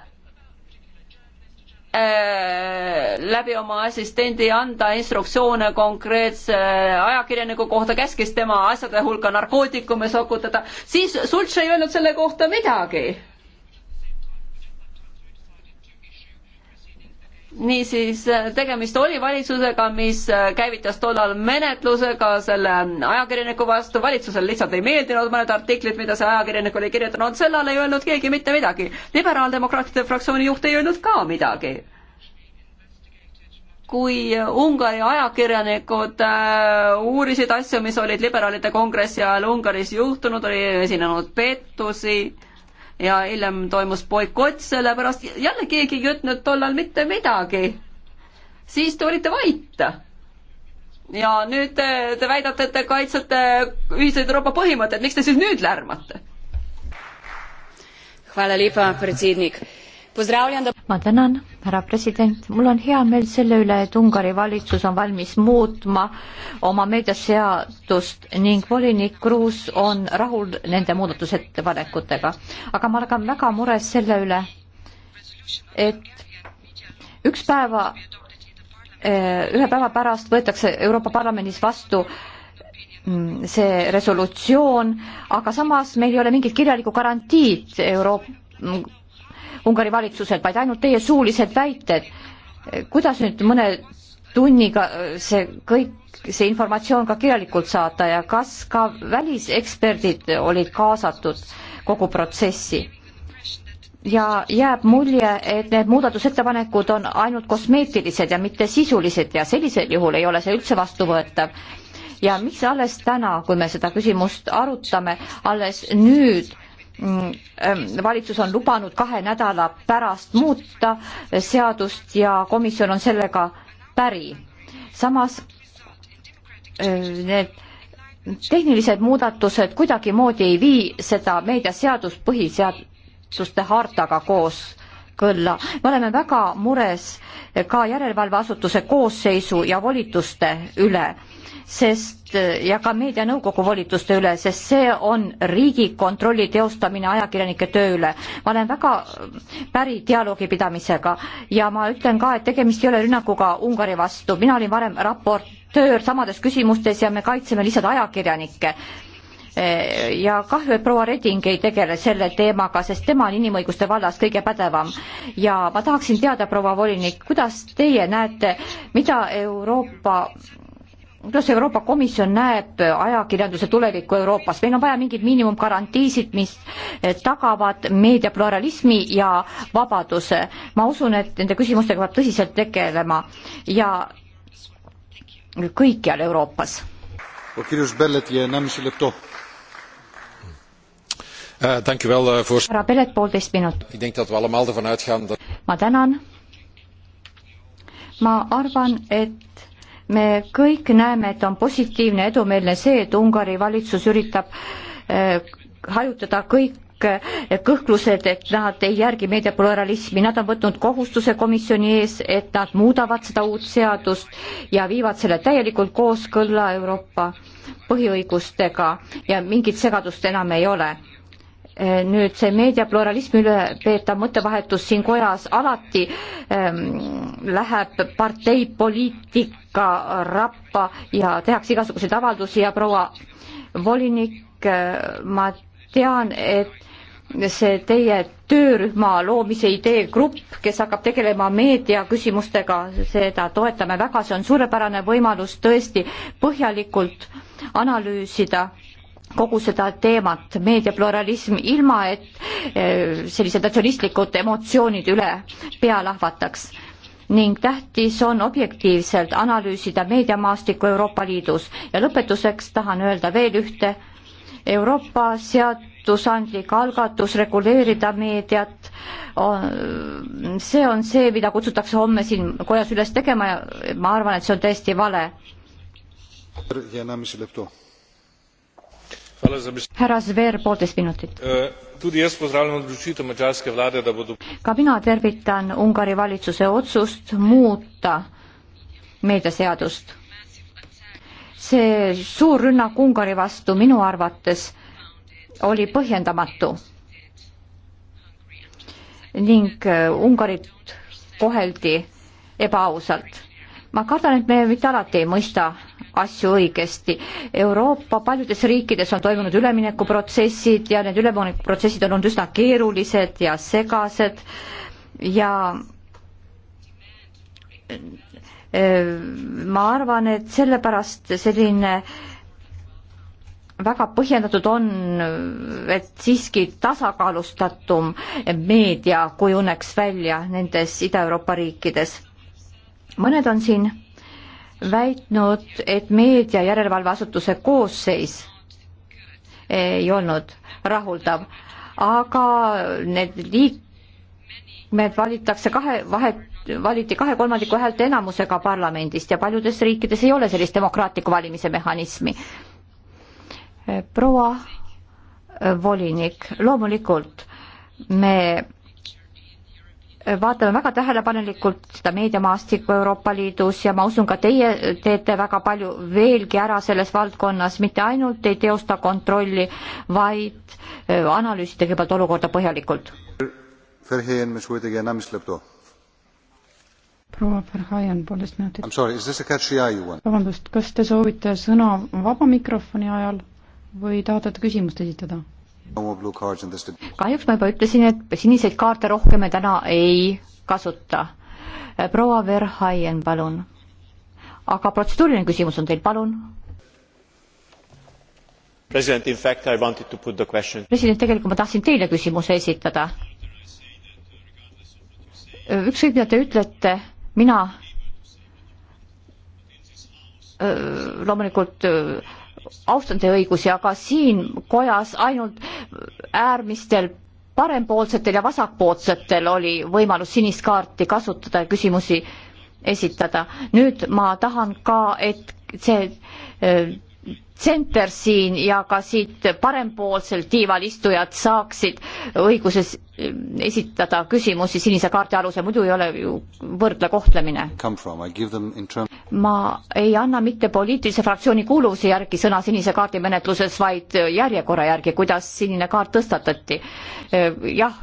äh, läbi oma assistendi anda instruktsioone konkreetse äh, ajakirjaniku kohta, käskis tema asjade hulka narkootikume sokutada, siis Sults ei öelnud selle kohta midagi niisiis, tegemist oli valitsusega, mis käivitas tollal menetlusega selle ajakirjaniku vastu, valitsusele lihtsalt ei meeldinud mõned artiklid, mida see ajakirjanik oli kirjutanud, sellal ei öelnud keegi mitte midagi. liberaaldemokraatide fraktsiooni juht ei öelnud ka midagi kui Ungari ajakirjanikud äh, uurisid asju, mis olid liberaalide kongressi ajal Ungaris juhtunud, oli esinenud pettusi äh,, ja hiljem toimus boikott, sellepärast jälle keegi ei ütelnud tollal mitte midagi. siis te olite vait. ja nüüd te, te väidate, et te kaitsete ühiseid Euroopa põhimõtteid, miks te siis nüüd lärmate? ma tänan, härra president, mul on hea meel selle üle, et Ungari valitsus on valmis muutma oma meediaseadust ning volinik Kruus on rahul nende muudatusettepanekutega. aga ma olen väga mures selle üle, et üks päeva, eh, ühe päeva pärast võetakse Euroopa Parlamendis vastu mm, see resolutsioon, aga samas meil ei ole mingit kirjalikku garantiid Euroopa Ungari valitsuselt, vaid ainult teie suulised väited. kuidas nüüd mõne tunniga see kõik, see informatsioon ka kirjalikult saata ja kas ka väliseksperdid olid kaasatud kogu protsessi? ja jääb mulje, et need muudatusettepanekud on ainult kosmeetilised ja mitte sisulised ja sellisel juhul ei ole see üldse vastuvõetav. ja miks alles täna, kui me seda küsimust arutame, alles nüüd äh, Mm, ähm, valitsus on lubanud kahe nädala pärast muuta seadust ja komisjon on sellega päri. samas äh, need tehnilised muudatused kuidagimoodi ei vii seda meediaseadust põhiseaduste hartaga koos kõlla. me oleme väga mures ka järelevalveasutuse koosseisu ja volituste üle, sest ja ka meedianõukogu volituste üle, sest see on riigikontrolli teostamine ajakirjanike töö üle. ma olen väga päri dialoogi pidamisega ja ma ütlen ka, et tegemist ei ole rünnakuga Ungari vastu, mina olin varem raportöör samades küsimustes ja me kaitseme lihtsalt ajakirjanikke Eh, ja kahju, et proua Reding ei tegele selle teemaga, sest tema on inimõiguste vallas kõige pädevam. ja ma tahaksin teada, proua volinik, kuidas teie näete, mida Euroopa kuidas Euroopa Komisjon näeb ajakirjanduse tulevikku Euroopas, meil on vaja mingeid miinimumgarantiisid, mis eh, tagavad meedia pluralismi ja vabaduse. ma usun, et nende küsimustega peab tõsiselt tegelema ja kõikjal Euroopas härra Pelet, poolteist minutit. ma tänan. ma arvan, et me kõik näeme, et on positiivne edumeelne see, et Ungari valitsus üritab äh, hajutada kõik eh, kõhklused, et nad ei järgi meediapluralismi, nad on võtnud kohustuse komisjoni ees, et nad muudavad seda uut seadust ja viivad selle täielikult kooskõlla Euroopa põhiõigustega ja mingit segadust enam ei ole. Eh, nüüd see meediapluralismi üle peetav mõttevahetus siin kojas alati ähm, läheb parteipoliitika rappa ja tehakse igasuguseid avaldusi ja proua volinik äh,, ma tean, et see teie töörühma loomise idee grupp, kes hakkab tegelema meediaküsimustega, seda toetame väga, see on suurepärane võimalus tõesti põhjalikult analüüsida kogu seda teemat, meediapluralism, ilma et eh, sellised natsionalistlikud emotsioonid üle pea lahvataks. ning tähtis on objektiivselt analüüsida meediamaastikku Euroopa Liidus ja lõpetuseks tahan öelda veel ühte. Euroopa seadusandlik algatus reguleerida meediat, see on see, mida kutsutakse homme siin kojas üles tegema ja ma arvan, et see on täiesti vale. ja enam, mis see lõpp toob? härra Zver, poolteist minutit. E, ka mina tervitan Ungari valitsuse otsust muuta meediaseadust. see suur rünnak Ungari vastu minu arvates oli põhjendamatu ning e, Ungarit koheldi ebaausalt. ma kardan, et me mitte alati ei mõista asju õigesti. Euroopa paljudes riikides on toimunud üleminekuprotsessid ja need üleminekuprotsessid on olnud üsna keerulised ja segased ja äh, ma arvan, et sellepärast selline väga põhjendatud on, et siiski tasakaalustatum meedia kujuneks välja nendes Ida-Euroopa riikides. mõned on siin väitnud, et meedia järelevalveasutuse koosseis ei olnud rahuldav, aga need liikmed valitakse kahe, vahet, valiti kahe kolmandiku häälte enamusega parlamendist ja paljudes riikides ei ole sellist demokraatlikku valimise mehhanismi. proua volinik, loomulikult me vaatame väga tähelepanelikult seda meediamaastikku Euroopa Liidus ja ma usun, ka teie teete väga palju veelgi ära selles valdkonnas, mitte ainult ei teosta kontrolli, vaid äh, analüüsite kõigepealt olukorda põhjalikult. proua Verhaien, poolteist minutit. vabandust, kas te soovite sõna vaba mikrofoni ajal või tahate te küsimust esitada? kahjuks ma juba ütlesin, et siniseid kaarte rohkem me täna ei kasuta. proua Verhaien, palun. aga protseduuriline küsimus on teil, palun. president, tegelikult ma tahtsin teile küsimuse esitada. ükskõik, mida te ütlete, mina loomulikult öö, austada õigusi, aga siin kojas ainult äärmistel parempoolsetel ja vasakpoolsetel oli võimalus sinist kaarti kasutada ja küsimusi esitada. nüüd ma tahan ka, et see tsenter siin ja ka siit parempoolsel tiival istujad saaksid õiguses eh, esitada küsimusi sinise kaardi alusel, muidu ei ole ju võrdle kohtlemine. ma ei anna mitte poliitilise fraktsiooni kuuluvuse järgi sõna sinise kaardi menetluses, vaid järjekorra järgi, kuidas sinine kaart tõstatati. Eh, jah,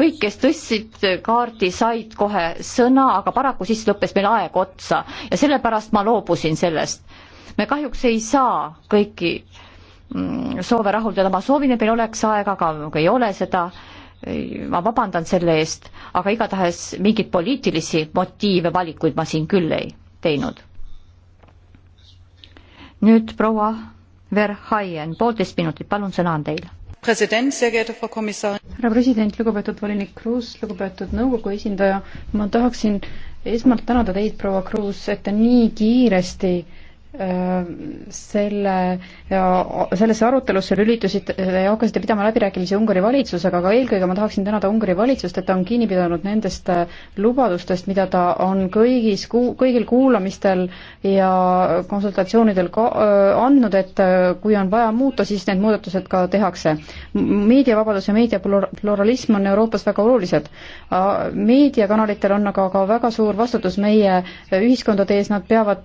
kõik, kes tõstsid kaardi, said kohe sõna, aga paraku siis lõppes meil aeg otsa ja sellepärast ma loobusin sellest me kahjuks ei saa kõiki mm, soove rahuldada, ma soovin, et meil oleks aega, aga kui ei ole seda, ma vabandan selle eest, aga igatahes mingeid poliitilisi motiive, valikuid ma siin küll ei teinud. nüüd proua Verhaien, poolteist minutit, palun, sõna on teil härra president, lugupeetud volinik Kruus, lugupeetud nõukogu esindaja, ma tahaksin esmalt tänada teid, proua Kruus, et te nii kiiresti Äh, selle, sellesse arutelusse lülitusite ja hakkasite pidama läbirääkimisi Ungari valitsusega, aga eelkõige ma tahaksin tänada Ungari valitsust, et ta on kinni pidanud nendest äh, lubadustest, mida ta on kõigis, kõigil kuulamistel ja konsultatsioonidel ka äh, andnud, et kui on vaja muuta, siis need muudatused ka tehakse. meediavabadus ja meediapluralism on Euroopas väga olulised. meediakanalitel on aga ka väga suur vastutus meie ühiskondade ees, nad peavad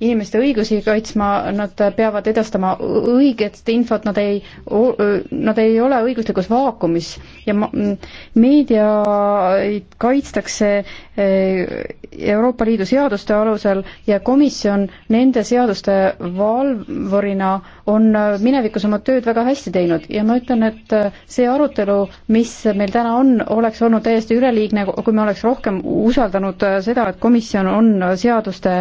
inimeste õigusi kaitsma, nad peavad edastama õiget infot, nad ei, nad ei ole õiguslikus vaakumis ja ma, meediaid kaitstakse eh, Euroopa Liidu seaduste alusel ja komisjon nende seaduste valvurina on minevikus oma tööd väga hästi teinud ja ma ütlen, et see arutelu, mis meil täna on, oleks olnud täiesti üleliigne, kui me oleks rohkem usaldanud seda, et komisjon on seaduste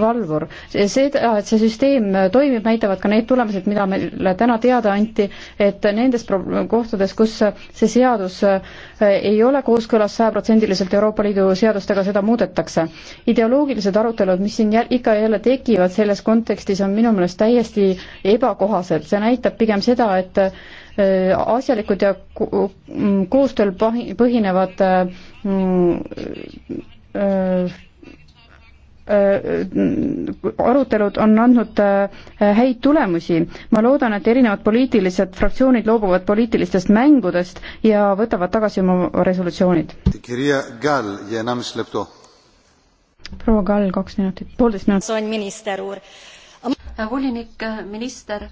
valvur seda, et see süsteem toimib, näitavad ka need tulemused, mida meile täna teada anti, et nendes kohtades, kus see seadus äh, ei ole kooskõlas sajaprotsendiliselt Euroopa Liidu seadustega, seda muudetakse. ideoloogilised arutelud, mis siin ikka ja jälle tekivad selles kontekstis, on minu meelest täiesti ebakohased, see näitab pigem seda, et äh, asjalikud ja mm, koostööl põhinevad äh, mm, Äh, arutelud on andnud äh, häid tulemusi. ma loodan, et erinevad poliitilised fraktsioonid loobuvad poliitilistest mängudest ja võtavad tagasi oma resolutsioonid. proua Kall, kaks minutit, poolteist minutit. Äh, volinik, minister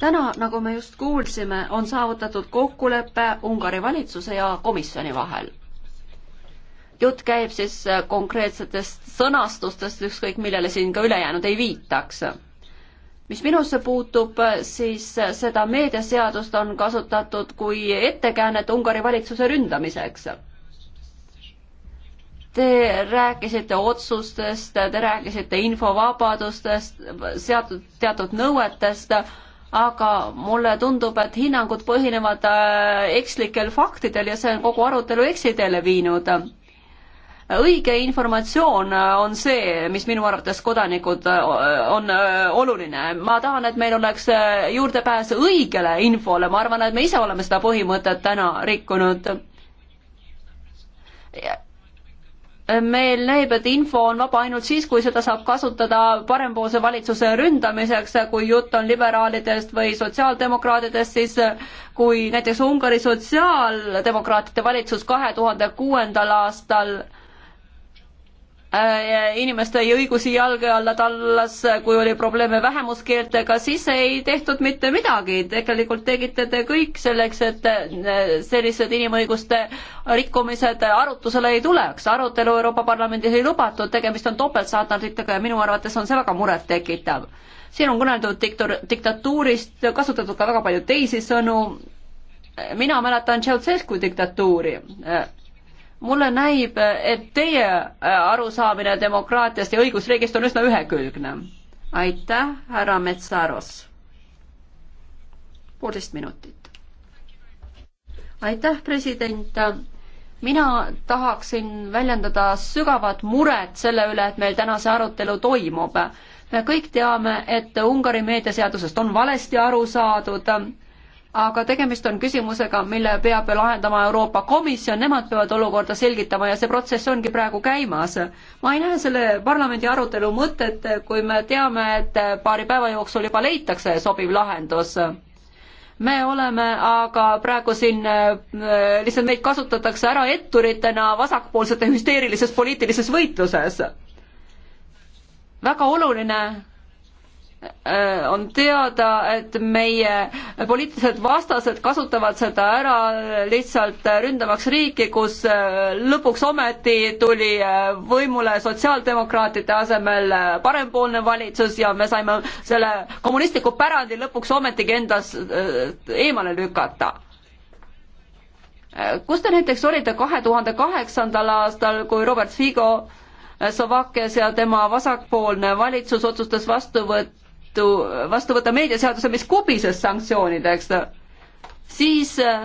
täna, nagu me just kuulsime, on saavutatud kokkulepe Ungari valitsuse ja komisjoni vahel jutt käib siis äh, konkreetsetest sõnastustest, ükskõik millele siin ka ülejäänud ei viitaks. mis minusse puutub, äh, siis äh, seda meediaseadust on kasutatud kui ettekäänet Ungari valitsuse ründamiseks. Te rääkisite otsustest, te rääkisite infovabadustest, seatud teatud nõuetest aga mulle tundub, et hinnangud põhinevad ekslikel faktidel ja see on kogu arutelu eksiteele viinud õige informatsioon äh, on see, mis minu arvates kodanikud äh, on äh, oluline. ma tahan, et meil oleks juurdepääs õigele infole, ma arvan, et me ise oleme seda põhimõtet täna rikkunud. meil näib, et info on vaba ainult siis, kui seda saab kasutada parempoolse valitsuse ründamiseks, kui jutt on liberaalidest või sotsiaaldemokraadidest, siis kui näiteks Ungari sotsiaaldemokraatide valitsus kahe tuhande kuuendal aastal Äh, inimeste õigusi jalge alla tallas, kui oli probleeme vähemuskeeltega, siis ei tehtud mitte midagi. tegelikult tegite te kõik selleks, et äh, sellised inimõiguste rikkumised arutusele ei tuleks. arutelu Euroopa Parlamendis ei lubatud, tegemist on topeltsaatnatitega ja minu arvates on see väga murettekitav. siin on kõneldud diktor-, diktatuurist, kasutatud ka väga palju teisi sõnu, mina mäletan Ceausescu diktatuuri äh, mulle näib, et teie äh, arusaamine demokraatiast ja õigusriigist on üsna ühekülgne. aitäh, härra Metsaros. poolteist minutit. aitäh, president. mina tahaksin väljendada sügavat muret selle üle, et meil täna see arutelu toimub. me kõik teame, et Ungari meediaseadusest on valesti aru saadud aga tegemist on küsimusega, mille peab lahendama Euroopa Komisjon, nemad peavad olukorda selgitama ja see protsess ongi praegu käimas. ma ei näe selle parlamendi arutelu mõtet, kui me teame, et paari päeva jooksul juba leitakse sobiv lahendus. me oleme aga praegu siin, äh, lihtsalt meid kasutatakse ära etturitena vasakpoolsete hüsteerilises poliitilises võitluses. väga oluline Äh, on teada, et meie poliitilised vastased kasutavad seda ära lihtsalt ründamaks riiki, kus äh, lõpuks ometi tuli äh, võimule sotsiaaldemokraatide asemel parempoolne valitsus ja me saime selle kommunistliku pärandi lõpuks ometigi endas eemale lükata kus te näiteks olite kahe tuhande kaheksandal aastal, kui Robert Figo Slovakkias ja tema vasakpoolne valitsus otsustas vastu võtta võttu, vastu võtta meediaseaduse, mis kobises sanktsioonideks, siis äh,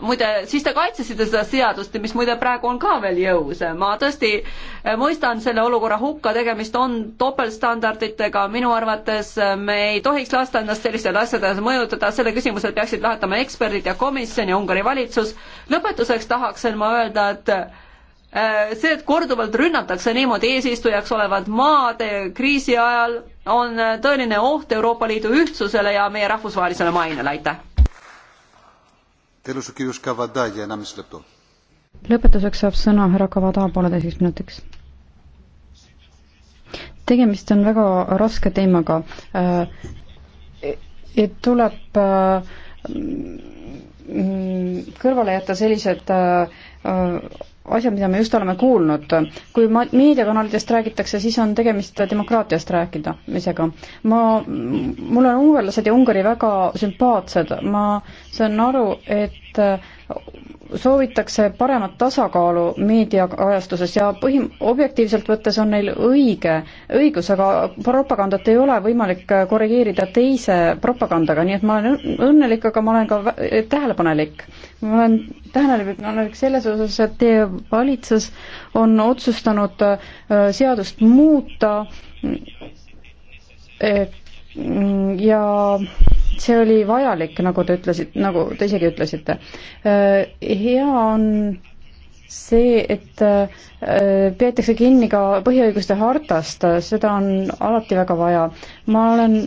muide, siis te kaitsesite seda seadust, mis muide praegu on ka veel jõus. ma tõesti äh, mõistan selle olukorra hukka, tegemist on topeltstandarditega, minu arvates äh, me ei tohiks lasta ennast sellistel asjadel mõjutada, selle küsimuse peaksid lahendama eksperdid ja komisjon ja Ungari valitsus. lõpetuseks tahaksin ma öelda, et Äh, see, et korduvalt rünnatakse niimoodi eesistujaks olevat maad kriisi ajal, on äh, tõeline oht Euroopa Liidu ühtsusele ja meie rahvusvahelisele mainele, aitäh. lõpetuseks saab sõna härra Kavada pooleteiseks minutiks. tegemist on väga raske teemaga. Äh, et tuleb mm, kõrvale jätta sellised asja, mida me just oleme kuulnud. kui ma-, meediakanalitest räägitakse, siis on tegemist demokraatiast rääkimisega. ma, mulle on ungarlased ja Ungari väga sümpaatsed, ma saan aru, et soovitakse paremat tasakaalu meediakajastuses ja põhim-, objektiivselt võttes on neil õige õigus, aga propagandat ei ole võimalik korrigeerida teise propagandaga, nii et ma olen õnnelik, aga ma olen ka tähelepanelik. ma olen tähelepanelik selles osas, et teie valitsus on otsustanud äh, seadust muuta äh, ja see oli vajalik, nagu te ütlesite, nagu te isegi ütlesite. Äh, hea on see, et äh, peetakse kinni ka põhiõiguste hartast, seda on alati väga vaja. ma olen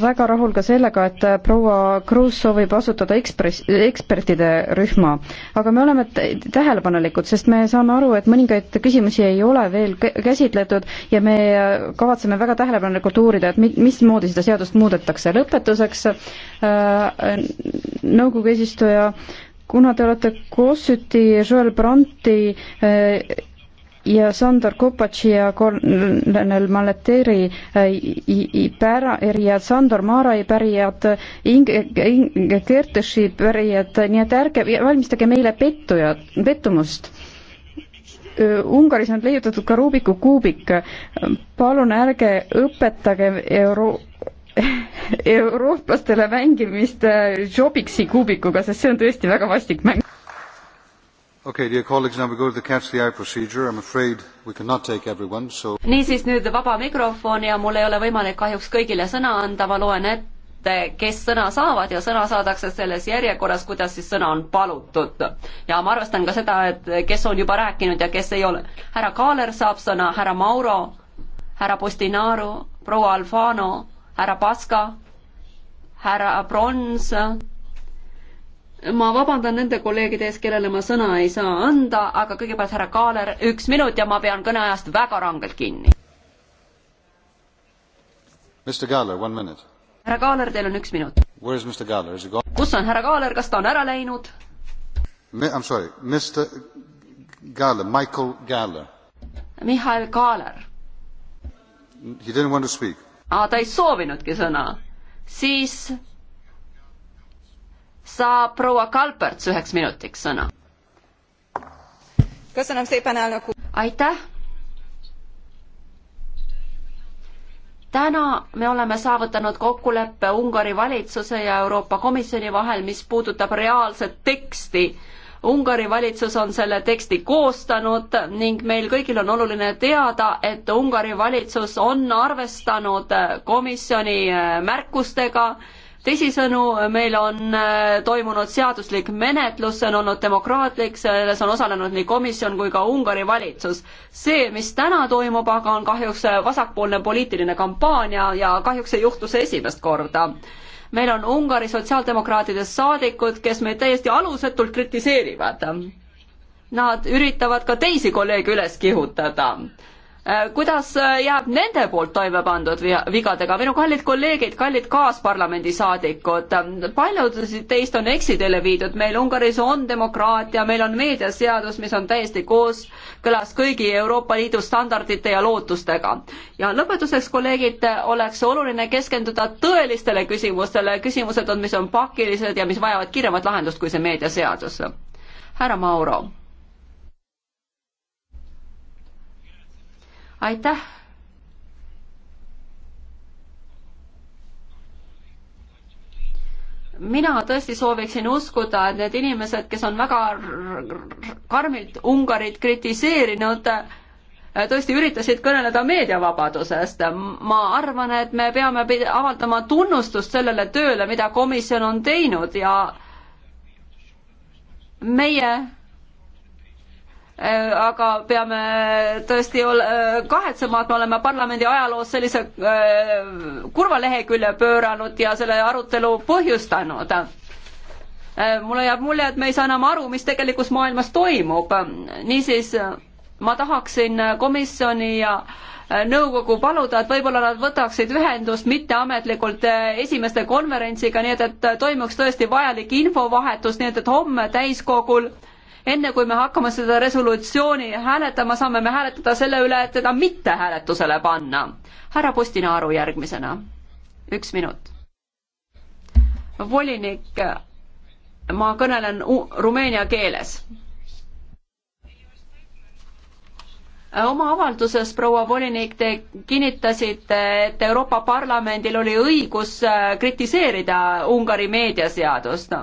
väga rahul ka sellega, et proua Kruus soovib asutada ekspress, ekspertide rühma. aga me oleme tähelepanelikud, sest me saame aru, et mõningaid küsimusi ei ole veel käsitletud ja me kavatseme väga tähelepanelikult uurida, et mi-, mismoodi seda seadust muudetakse. lõpetuseks äh, nõukogu eesistuja kuna te olete Kossuti, Joel Branti äh, ja Sandor Kopatši ja kolonel Maleteri äh, pärijad, Sandor Maarai pärijad, Inge, Inge Kertesi pärijad, nii et ärge valmistage meile pettujad, pettumust äh, Ungaris on leiutatud ka Rubiku kuubik. palun ärge õpetage euro-, eurooplastele mängimist äh, Jobiksi kuubikuga, sest see on tõesti väga vastik mäng. Okay, so... niisiis nüüd vaba mikrofon ja mul ei ole võimalik kahjuks kõigile sõna anda, ma loen ette, kes sõna saavad ja sõna saadakse selles järjekorras, kuidas siis sõna on palutud. ja ma arvestan ka seda, et kes on juba rääkinud ja kes ei ole. härra Kaaler saab sõna, härra Mauro, härra Postinaru, proua Alfano, härra Paska, härra Brons ma vabandan nende kolleegide ees, kellele ma sõna ei saa anda, aga kõigepealt härra Kaaler, üks minut ja ma pean kõneajast väga rangelt kinni. härra Kaaler, teil on üks minut. kus on härra Kaaler, kas ta on ära läinud? I m sorry, Mr Kaaler, Michael Kaaler. Mihhail Kaaler. He didn't want to speak. aa, ta ei soovinudki sõna. siis saab proua Kalperts üheks minutiks sõna. aitäh. täna me oleme saavutanud kokkuleppe Ungari valitsuse ja Euroopa Komisjoni vahel, mis puudutab reaalset teksti Ungari valitsus on selle teksti koostanud ning meil kõigil on oluline teada, et Ungari valitsus on arvestanud komisjoni äh, märkustega teisisõnu, meil on äh, toimunud seaduslik menetlus, see on olnud demokraatlik, selles on osalenud nii komisjon kui ka Ungari valitsus. see, mis täna toimub, aga on kahjuks äh, vasakpoolne poliitiline kampaania ja kahjuks ei juhtu see esimest korda. meil on Ungari sotsiaaldemokraatidest saadikud, kes meid täiesti alusetult kritiseerivad. Nad üritavad ka teisi kolleege üles kihutada Äh, kuidas äh, jääb nende poolt toime pandud vigadega, minu kallid kolleegid, kallid kaasparlamendi saadikud, ähm, paljud teist on eksiteele viidud, meil Ungaris on demokraatia, meil on meediaseadus, mis on täiesti kooskõlas kõigi Euroopa Liidu standardite ja lootustega. ja lõpetuseks, kolleegid, oleks oluline keskenduda tõelistele küsimustele, küsimused on, mis on pakilised ja mis vajavad kiiremat lahendust kui see meediaseadus. härra Mauro aitäh. mina tõesti sooviksin uskuda, et need inimesed, kes on väga karmilt Ungarit kritiseerinud, tõesti üritasid kõneleda meediavabadusest. ma arvan, et me peame avaldama tunnustust sellele tööle, mida komisjon on teinud ja meie Äh, aga peame tõesti äh, kahetsema, et me oleme parlamendi ajaloos sellise äh, kurva lehekülje pööranud ja selle arutelu põhjustanud mulle jääb mulje, et me ei saa enam aru, mis tegelikus maailmas toimub. niisiis ma tahaksin komisjoni ja nõukogu paluda, et võib-olla nad võtaksid ühendust mitteametlikult esimeste konverentsiga, nii et, et toimuks tõesti vajalik infovahetus, nii et, et homme täiskogul äh, enne kui me hakkame seda resolutsiooni hääletama, saame me hääletada selle üle, et teda mitte hääletusele panna. härra Postinaaru järgmisena. üks minut. volinik, ma kõnelen rumeenia keeles. oma avalduses, proua volinik, te kinnitasite, et Euroopa Parlamendil oli õigus äh, kritiseerida Ungari meediaseadust no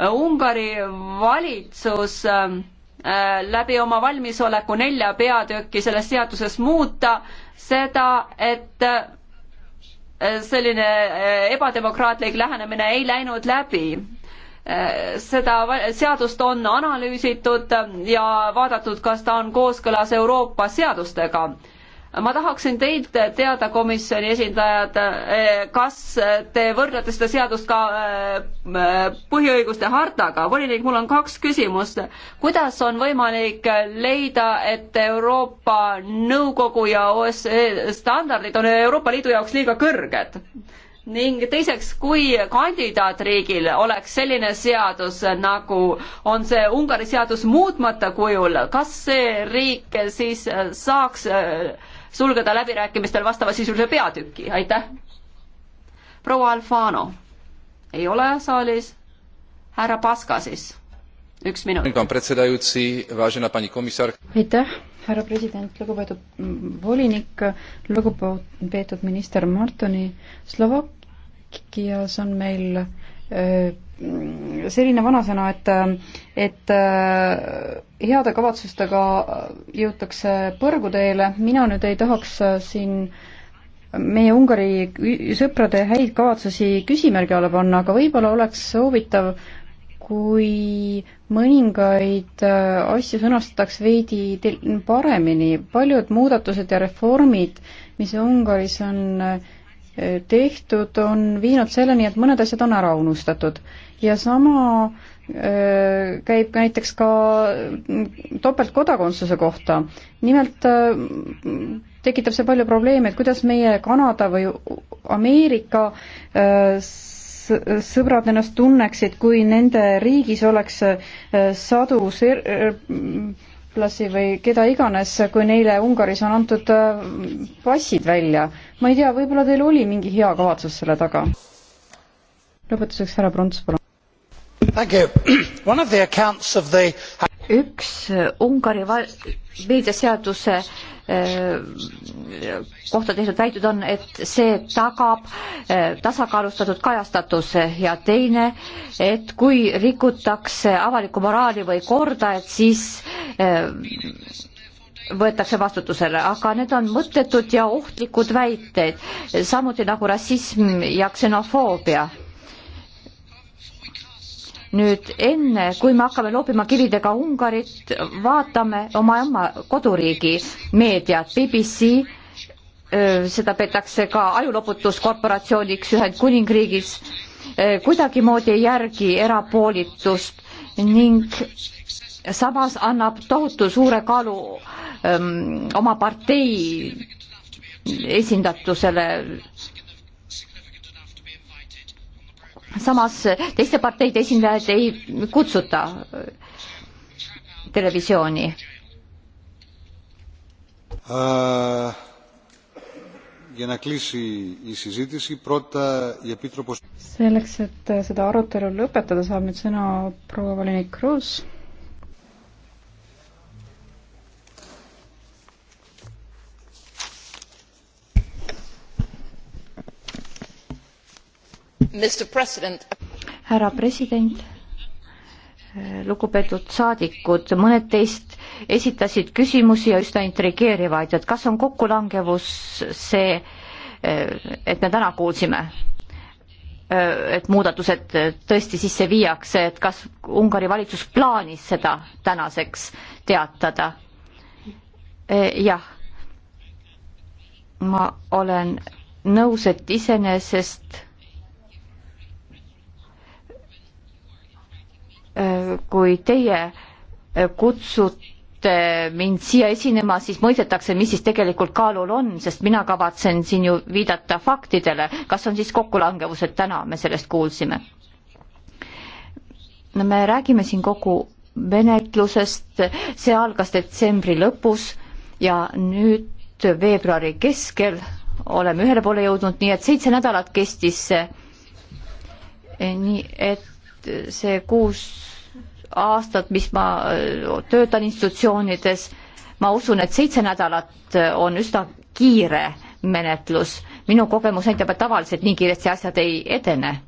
Ungari valitsus äh, läbi oma valmisoleku nelja peatükki selles seaduses muuta seda, et äh, selline äh, ebademokraatlik lähenemine ei läinud läbi. seda seadust on analüüsitud ja vaadatud, kas ta on kooskõlas Euroopa seadustega ma tahaksin teilt teada, komisjoni esindajad, eh, kas te võrdlete seda seadust ka eh, põhiõiguste hartaga? volinik, mul on kaks küsimust. kuidas on võimalik leida, et Euroopa Nõukogu ja OSCE standardid on Euroopa Liidu jaoks liiga kõrged? ning teiseks, kui kandidaatriigil oleks selline seadus, nagu on see Ungari seadus muutmata kujul, kas see riik siis saaks äh, sulgeda läbirääkimistel vastavasisulise peatüki, aitäh. proua Alfano ei ole saalis, härra Paska siis, üks minut. aitäh, härra president, lugupeetud volinik, lugupeetud minister Martoni, Slovakkias on meil selline vanasõna, et, et äh, heade kavatsustega jõutakse põrguteele, mina nüüd ei tahaks äh, siin meie Ungari sõprade häid kavatsusi küsimärgi alla panna, aga võib-olla oleks soovitav, kui mõningaid äh, asju sõnastataks veidi paremini, paljud muudatused ja reformid, mis Ungaris on äh, tehtud, on viinud selleni, et mõned asjad on ära unustatud. ja sama käib ka näiteks ka topeltkodakondsuse kohta. nimelt tekitab see palju probleeme, et kuidas meie Kanada või Ameerika sõbrad ennast tunneksid, kui nende riigis oleks sadu ser-, lätlasi või keda iganes, kui neile Ungaris on antud äh, passid välja. ma ei tea, võib-olla teil oli mingi hea kavatsus selle taga. lõpetuseks härra Prants, palun. üks Ungari meediaseaduse Äh, kohta tehtud väitud on, et see tagab äh, tasakaalustatud kajastatuse ja teine, et kui rikutakse avalikku moraali või korda, et siis äh, võetakse vastutusele, aga need on mõttetud ja ohtlikud väited, samuti nagu rassism ja ksenofoobia nüüd enne, kui me hakkame loopima kividega Ungarit, vaatame oma oma koduriigi meediat, BBC, seda peetakse ka ajuloputuskorporatsiooniks Ühendkuningriigis, kuidagimoodi ei järgi erapoolitust ning samas annab tohutu suure kaalu öö, oma partei esindatusele samas teiste parteide esindajad ei kutsuta televisiooni uh,. selleks, et äh, seda arutelu lõpetada, saab nüüd sõna proua volinik Kruus härra president, lugupeetud saadikud, mõned teist esitasid küsimusi ja üsna intrigeerivaid, et kas on kokkulangevus see, et me täna kuulsime, et muudatused tõesti sisse viiakse, et kas Ungari valitsus plaanis seda tänaseks teatada? jah, ma olen nõus, et iseenesest Äh, kui teie äh, kutsute mind siia esinema, siis mõistetakse, mis siis tegelikult kaalul on, sest mina kavatsen siin ju viidata faktidele. kas on siis kokkulangevused täna, me sellest kuulsime? no me räägime siin kogu menetlusest, see algas detsembri lõpus ja nüüd veebruari keskel oleme ühele poole jõudnud, nii et seitse nädalat kestis see. nii et see kuus aastat, mis ma äh, töötan institutsioonides, ma usun, et seitse nädalat äh, on üsna kiire menetlus. minu kogemus näitab, et tavaliselt nii kiiresti asjad ei edene.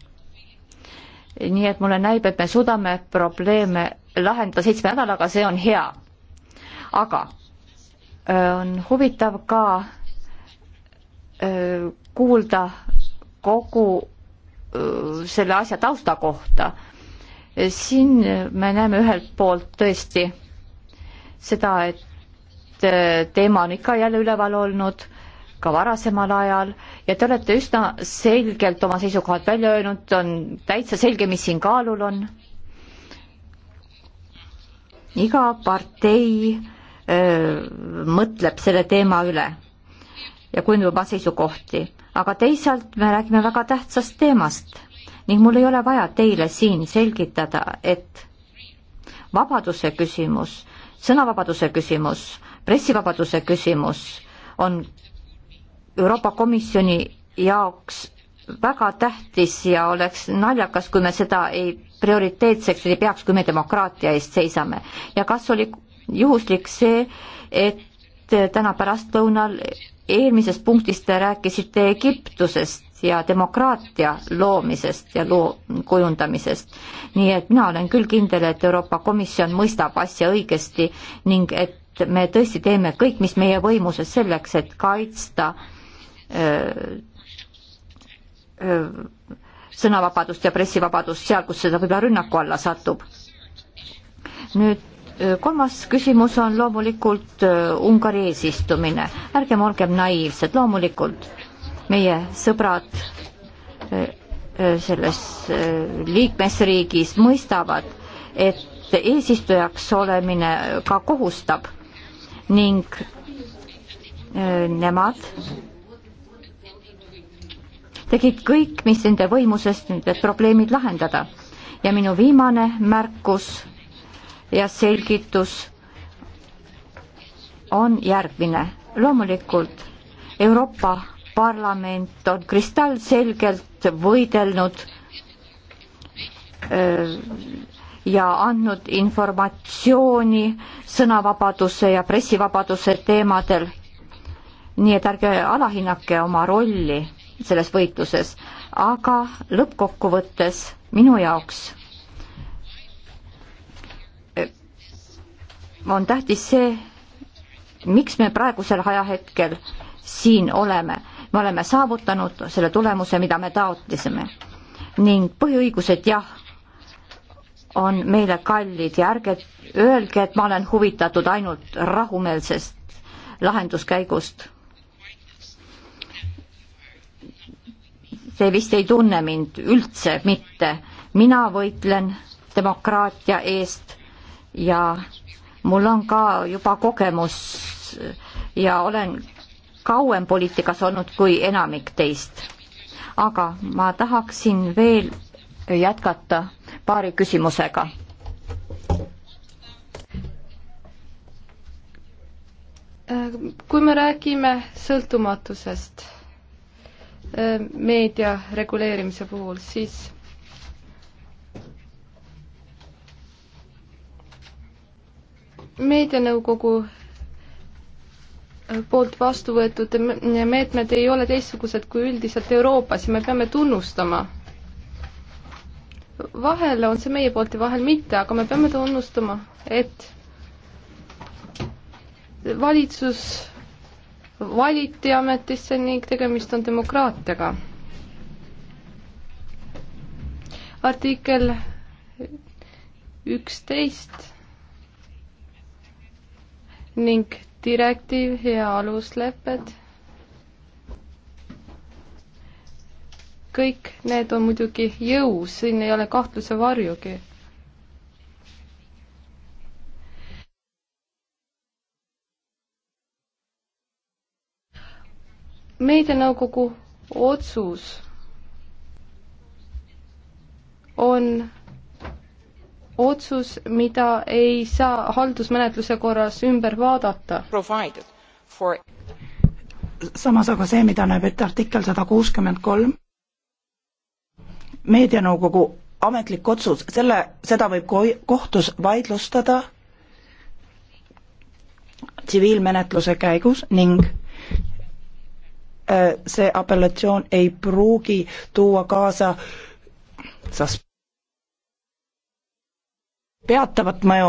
nii et mulle näib, et me suudame probleeme lahendada seitsme nädalaga, see on hea. aga äh, on huvitav ka kuulda kogu selle asja tausta kohta siin me näeme ühelt poolt tõesti seda, et äh, teema on ikka jälle üleval olnud, ka varasemal ajal ja te olete üsna selgelt oma seisukohad välja öelnud, on täitsa selge, mis siin kaalul on. iga partei öö, äh, mõtleb selle teema üle ja kujundab oma seisukohti, aga teisalt me räägime väga tähtsast teemast ning mul ei ole vaja teile siin selgitada, et vabaduse küsimus, sõnavabaduse küsimus, pressivabaduse küsimus on Euroopa Komisjoni jaoks väga tähtis ja oleks naljakas, kui me seda ei prioriteetseks ei peaks, kui me demokraatia eest seisame. ja kas oli juhuslik see, et täna pärastlõunal eelmisest punktist te rääkisite Egiptusest ja demokraatia loomisest ja loo kujundamisest. nii et mina olen küll kindel, et Euroopa Komisjon mõistab asja õigesti ning et me tõesti teeme kõik, mis meie võimuses selleks, et kaitsta öö, öö, sõnavabadust ja pressivabadust seal, kus seda võib-olla rünnaku alla satub. nüüd kolmas küsimus on loomulikult Ungari eesistumine. ärgem olgem naiivsed, loomulikult meie sõbrad eh, eh, selles eh, liikmesriigis mõistavad, et eesistujaks olemine ka kohustab ning nemad tegid kõik, mis nende võimusest nüüd need probleemid lahendada. ja minu viimane märkus ja selgitus on järgmine. loomulikult Euroopa parlament on kristallselgelt võidelnud äh, ja andnud informatsiooni sõnavabaduse ja pressivabaduse teemadel. nii et ärge alahinnake oma rolli selles võitluses, aga lõppkokkuvõttes minu jaoks äh, on tähtis see, miks me praegusel ajahetkel siin oleme me oleme saavutanud selle tulemuse, mida me taotlesime. ning põhiõigused jah, on meile kallid ja ärge öelge, et ma olen huvitatud ainult rahumeelsest lahenduskäigust. Te vist ei tunne mind üldse mitte. mina võitlen demokraatia eest ja mul on ka juba kogemus ja olen kauem poliitikas olnud kui enamik teist. aga ma tahaksin veel jätkata paari küsimusega. kui me räägime sõltumatusest e, meedia reguleerimise puhul, siis meedianõukogu poolt vastu võetud meetmed ei ole teistsugused kui üldiselt Euroopas ja me peame tunnustama. vahel on see meie poolt ja vahel mitte, aga me peame tunnustama, et valitsus valiti ametisse ning tegemist on demokraatiaga. artikkel üksteist ning direktiiv ja aluslepped. kõik need on muidugi jõus, siin ei ole kahtluse varjugi meedianõukogu otsus on otsus, mida ei saa haldusmenetluse korras ümber vaadata. For... samas aga see, mida näeb ette artikkel sada kuuskümmend kolm, meedianõukogu ametlik otsus, selle, seda võib kohtus vaidlustada tsiviilmenetluse käigus ning äh, see apellatsioon ei pruugi tuua kaasa sas-, peatavat mõju.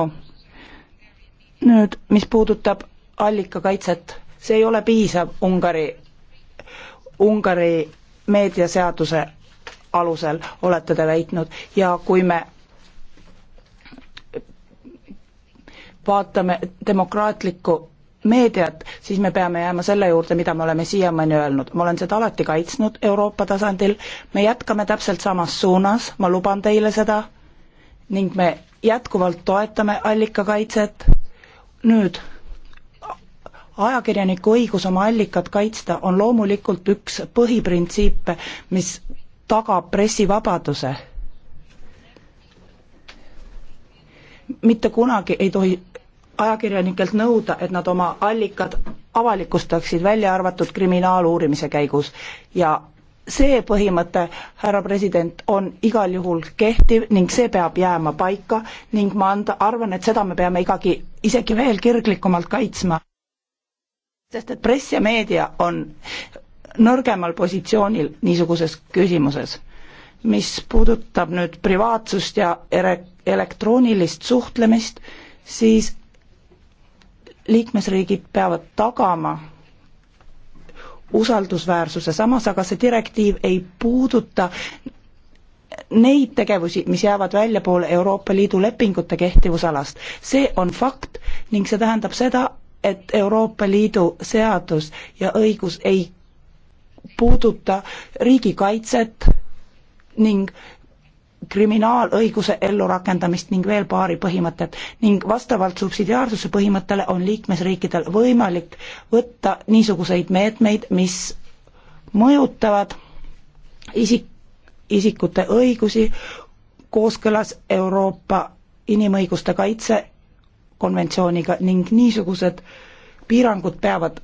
nüüd, mis puudutab allikakaitset, see ei ole piisav Ungari, Ungari meediaseaduse alusel, olete te väitnud, ja kui me vaatame demokraatlikku meediat, siis me peame jääma selle juurde, mida me oleme siiamaani öelnud. ma olen seda alati kaitsnud Euroopa tasandil, me jätkame täpselt samas suunas, ma luban teile seda, ning me jätkuvalt toetame allikakaitset. nüüd, ajakirjaniku õigus oma allikat kaitsta on loomulikult üks põhiprintsiipe, mis tagab pressivabaduse. mitte kunagi ei tohi ajakirjanikelt nõuda, et nad oma allikad avalikustaksid, välja arvatud kriminaaluurimise käigus ja see põhimõte, härra president, on igal juhul kehtiv ning see peab jääma paika ning ma anda, arvan, et seda me peame igagi isegi veel kirglikumalt kaitsma. sest et press ja meedia on nõrgemal positsioonil niisuguses küsimuses. mis puudutab nüüd privaatsust ja ere-, elektroonilist suhtlemist, siis liikmesriigid peavad tagama usaldusväärsuse, samas aga see direktiiv ei puuduta neid tegevusi, mis jäävad väljapoole Euroopa Liidu lepingute kehtivusalast. see on fakt ning see tähendab seda, et Euroopa Liidu seadus ja õigus ei puuduta riigikaitset ning kriminaalõiguse ellurakendamist ning veel paari põhimõtet ning vastavalt subsidiaarsuse põhimõttele on liikmesriikidel võimalik võtta niisuguseid meetmeid, mis mõjutavad isik, isikute õigusi kooskõlas Euroopa inimõiguste kaitse konventsiooniga ning niisugused piirangud peavad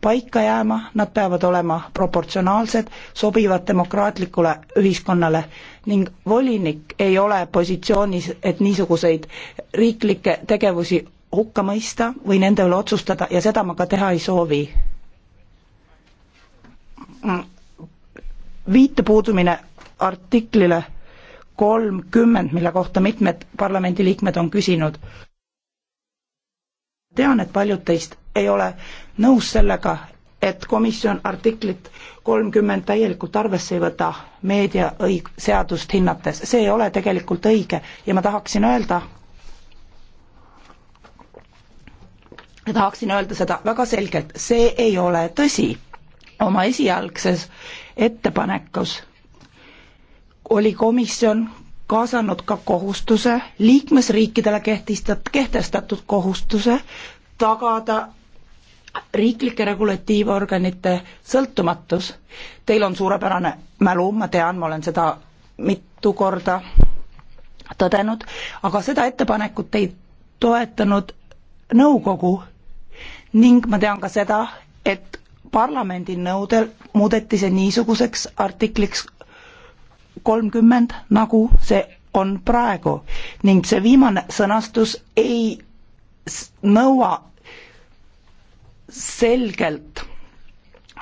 paika jääma, nad peavad olema proportsionaalsed, sobivad demokraatlikule ühiskonnale ning volinik ei ole positsioonis, et niisuguseid riiklikke tegevusi hukka mõista või nende üle otsustada ja seda ma ka teha ei soovi. viite puudumine artiklile kolmkümmend, mille kohta mitmed parlamendiliikmed on küsinud. tean, et paljud teist ei ole nõus sellega, et komisjon artiklit kolmkümmend täielikult arvesse ei võta meediaõig-, seadust hinnates, see ei ole tegelikult õige ja ma tahaksin öelda, tahaksin öelda seda väga selgelt, see ei ole tõsi. oma esialgses ettepanekus oli komisjon kaasanud ka kohustuse, liikmesriikidele kehtistat-, kehtestatud kohustuse tagada riiklike regulatiivorganite sõltumatus, teil on suurepärane mälu, ma tean, ma olen seda mitu korda tõdenud, aga seda ettepanekut ei toetanud nõukogu ning ma tean ka seda, et parlamendi nõudel muudeti see niisuguseks artikliks kolmkümmend, nagu see on praegu ning see viimane sõnastus ei nõua selgelt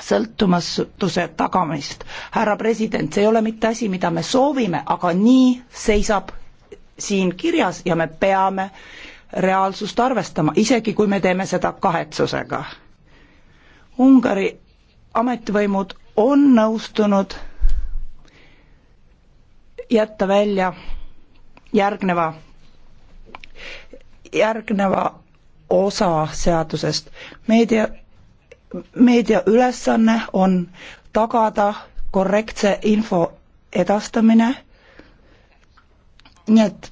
sõltumatuse tagamist. härra president, see ei ole mitte asi, mida me soovime, aga nii seisab siin kirjas ja me peame reaalsust arvestama, isegi kui me teeme seda kahetsusega. Ungari ametivõimud on nõustunud jätta välja järgneva, järgneva osa seadusest. meedia, meedia ülesanne on tagada korrektse info edastamine, nii et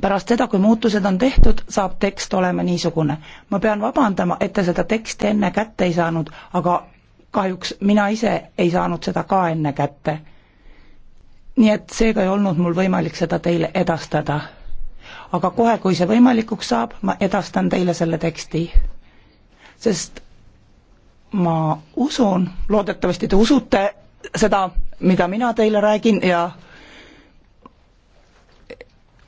pärast seda, kui muutused on tehtud, saab tekst olema niisugune. ma pean vabandama, et te seda teksti enne kätte ei saanud, aga kahjuks mina ise ei saanud seda ka enne kätte. nii et seega ei olnud mul võimalik seda teile edastada aga kohe, kui see võimalikuks saab, ma edastan teile selle teksti. sest ma usun, loodetavasti te usute seda, mida mina teile räägin ja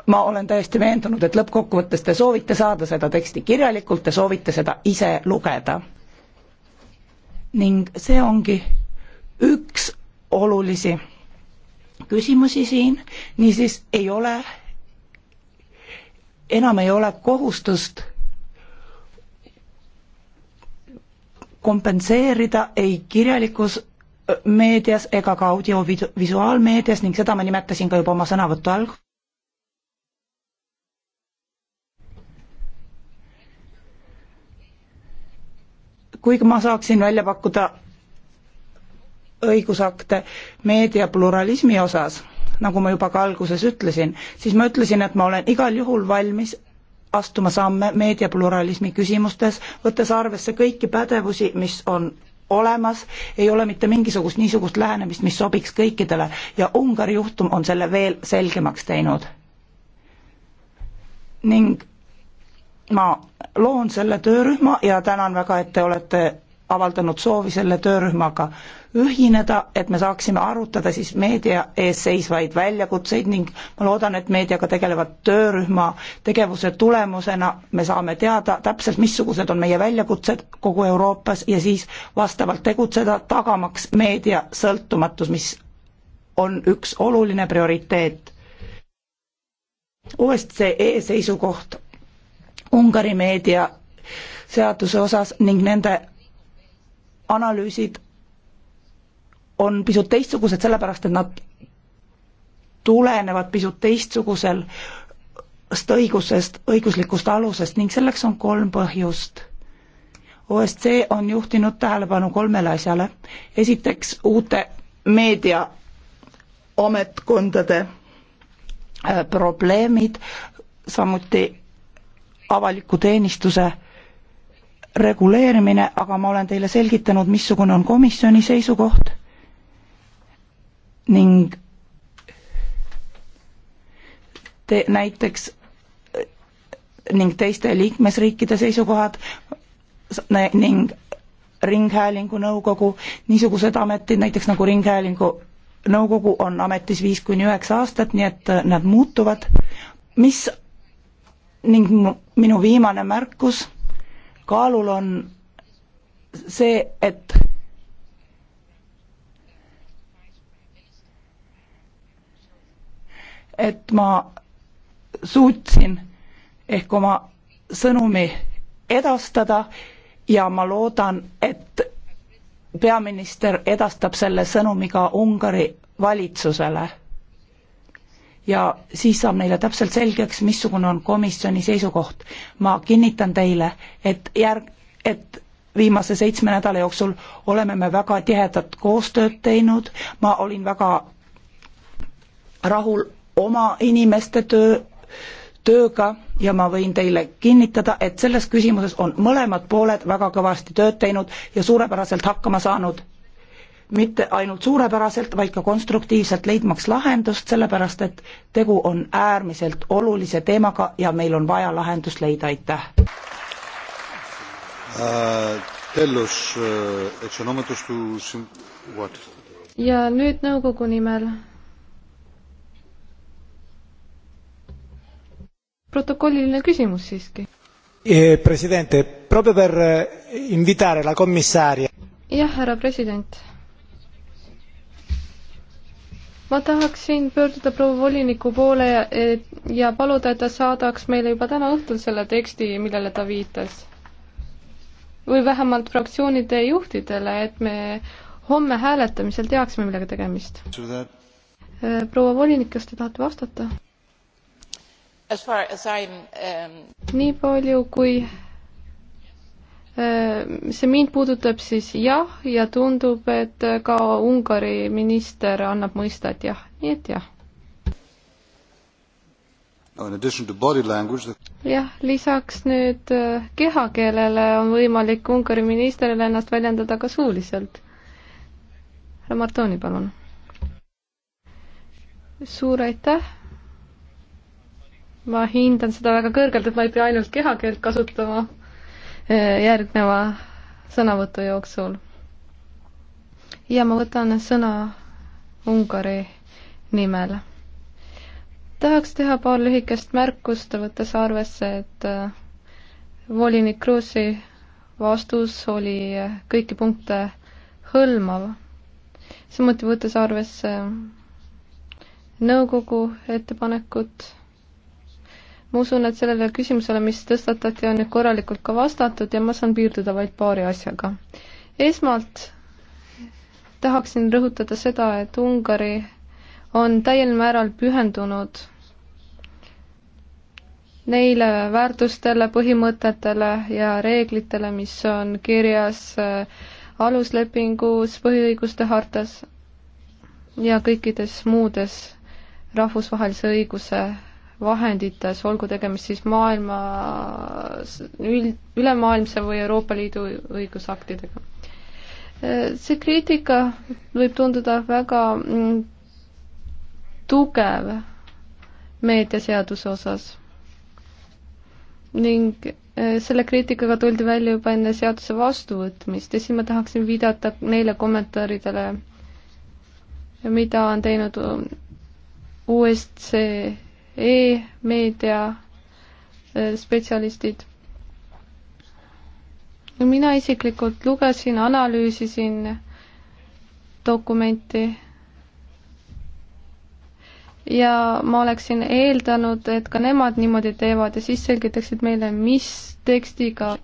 ma olen täiesti veendunud, et lõppkokkuvõttes te soovite saada seda teksti kirjalikult, te soovite seda ise lugeda. ning see ongi üks olulisi küsimusi siin, niisiis ei ole enam ei ole kohustust kompenseerida ei kirjalikus meedias ega ka audiovisuaalmeedias ning seda ma nimetasin ka juba oma sõnavõtu alg-. kuigi ma saaksin välja pakkuda õigusakte meedia pluralismi osas nagu ma juba ka alguses ütlesin, siis ma ütlesin, et ma olen igal juhul valmis astuma samme meediapluralismi küsimustes, võttes arvesse kõiki pädevusi, mis on olemas, ei ole mitte mingisugust niisugust lähenemist, mis sobiks kõikidele ja Ungari juhtum on selle veel selgemaks teinud. ning ma loon selle töörühma ja tänan väga, et te olete avaldanud soovi selle töörühmaga ühineda, et me saaksime arutada siis meedia ees seisvaid väljakutseid ning ma loodan, et meediaga tegelevad töörühma tegevuse tulemusena me saame teada täpselt, missugused on meie väljakutsed kogu Euroopas ja siis vastavalt tegutseda, tagamaks meedia sõltumatus, mis on üks oluline prioriteet. OSCE seisukoht Ungari meedia seaduse osas ning nende analüüsid on pisut teistsugused, sellepärast et nad tulenevad pisut teistsugusel õigusest, õiguslikust alusest ning selleks on kolm põhjust. OSCE on juhtinud tähelepanu kolmele asjale. esiteks uute meediaametkondade äh, probleemid, samuti avaliku teenistuse reguleerimine, aga ma olen teile selgitanud, missugune on komisjoni seisukoht ning te, näiteks ning teiste liikmesriikide seisukohad ning Ringhäälingu nõukogu, niisugused ametid, näiteks nagu Ringhäälingu nõukogu on ametis viis kuni üheksa aastat, nii et nad muutuvad, mis ning minu viimane märkus kaalul on see, et et ma suutsin ehk oma sõnumi edastada ja ma loodan, et peaminister edastab selle sõnumi ka Ungari valitsusele ja siis saab neile täpselt selgeks, missugune on komisjoni seisukoht. ma kinnitan teile, et järg, et viimase seitsme nädala jooksul oleme me väga tihedat koostööd teinud, ma olin väga rahul oma inimeste töö, tööga ja ma võin teile kinnitada, et selles küsimuses on mõlemad pooled väga kõvasti tööd teinud ja suurepäraselt hakkama saanud mitte ainult suurepäraselt, vaid ka konstruktiivselt leidmaks lahendust, sellepärast et tegu on äärmiselt olulise teemaga ja meil on vaja lahendust leida, aitäh uh,! ja nüüd nõukogu nimel protokolliline küsimus siiski. Eh, presidente, proprio per eh, invitare la commissaria. jah, härra president ma tahaksin pöörduda proua voliniku poole ja, ja paluda, et ta saadaks meile juba täna õhtul selle teksti, millele ta viitas. või vähemalt fraktsioonide juhtidele, et me homme hääletamisel teaksime, millega tegemist. Äh, proua volinik, kas te tahate vastata? Um... nii palju, kui Äh, see mind puudutab siis jah ja tundub, et ka Ungari minister annab mõista, et jah, nii et jah. jah, lisaks nüüd äh, kehakeelele on võimalik Ungari ministeril ennast väljendada ka suuliselt. härra Martoni, palun. suur aitäh ma hindan seda väga kõrgelt, et ma ei pea ainult kehakeelt kasutama Äh, järgneva sõnavõtu jooksul. ja ma võtan sõna Ungari nimel. tahaks teha paar lühikest märkust, võttes arvesse, et äh, volinik Kruusi vastus oli äh, kõiki punkte hõlmav. samuti võttes arvesse nõukogu ettepanekut ma usun, et sellele küsimusele, mis tõstatati, on nüüd korralikult ka vastatud ja ma saan piirduda vaid paari asjaga. esmalt tahaksin rõhutada seda, et Ungari on täiel määral pühendunud neile väärtustele, põhimõtetele ja reeglitele, mis on kirjas äh, aluslepingus, põhiõiguste hartas ja kõikides muudes rahvusvahelise õiguse vahendites, olgu tegemist siis maailma üld, ülemaailmse või Euroopa Liidu õigusaktidega. see kriitika võib tunduda väga mm, tugev meediaseaduse osas ning e, selle kriitikaga tuldi välja juba enne seaduse vastuvõtmist ja siin ma tahaksin viidata neile kommentaaridele, mida on teinud OSCE e-meedia äh, spetsialistid. mina isiklikult lugesin, analüüsisin dokumenti ja ma oleksin eeldanud, et ka nemad niimoodi teevad ja siis selgitaksid meile, mis tekstiga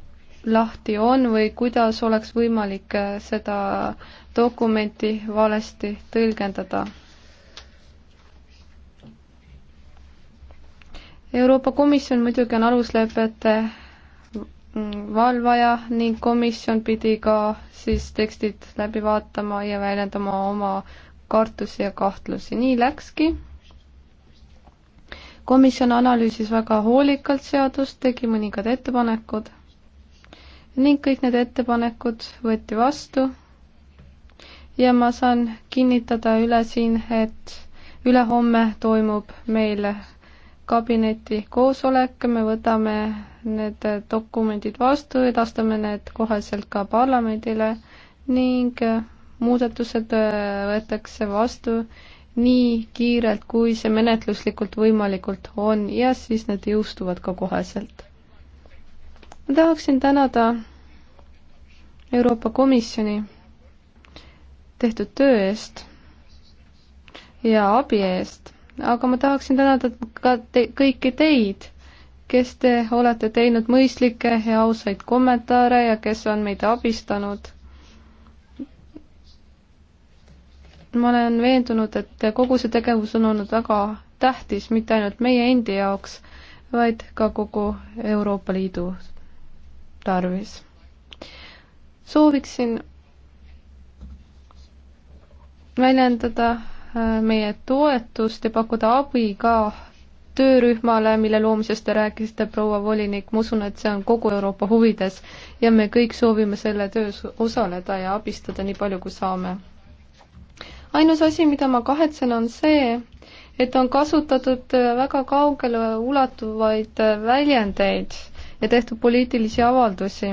lahti on või kuidas oleks võimalik äh, seda dokumenti valesti tõlgendada Euroopa Komisjon muidugi on aluslepete valvaja ning komisjon pidi ka siis tekstid läbi vaatama ja väljendama oma kartusi ja kahtlusi. nii läkski. komisjon analüüsis väga hoolikalt seadust, tegi mõningad ettepanekud ning kõik need ettepanekud võeti vastu. ja ma saan kinnitada üle siin, et ülehomme toimub meil kabineti koosolek, me võtame need dokumendid vastu, edastame need koheselt ka parlamendile ning muudatused äh, võetakse vastu nii kiirelt, kui see menetluslikult võimalikult on ja siis need jõustuvad ka koheselt. ma tahaksin tänada Euroopa Komisjoni tehtud töö eest ja abi eest aga ma tahaksin tänada ka te, kõiki teid, kes te olete teinud mõistlikke ja ausaid kommentaare ja kes on meid abistanud. ma olen veendunud, et kogu see tegevus on olnud väga tähtis mitte ainult meie endi jaoks, vaid ka kogu Euroopa Liidu tarvis. sooviksin väljendada meie toetust ja pakkuda abi ka töörühmale, mille loomisest te rääkisite, proua volinik, ma usun, et see on kogu Euroopa huvides ja me kõik soovime selle töös osaleda ja abistada nii palju, kui saame. ainus asi, mida ma kahetsen, on see, et on kasutatud väga kaugele ulatuvaid väljendeid ja tehtud poliitilisi avaldusi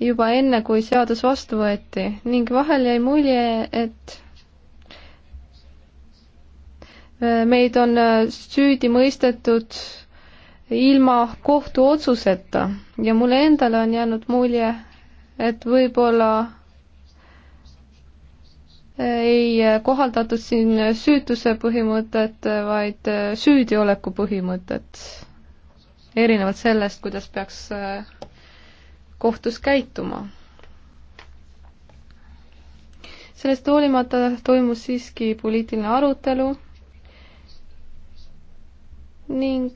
juba enne, kui seadus vastu võeti ning vahel jäi mulje, et meid on äh, süüdi mõistetud ilma kohtuotsuseta ja mulle endale on jäänud mulje, et võib-olla äh, ei äh, kohaldatud siin süütuse põhimõtet, vaid süüdioleku põhimõtet. erinevalt sellest, kuidas peaks kohtus käituma. sellest hoolimata toimus siiski poliitiline arutelu ning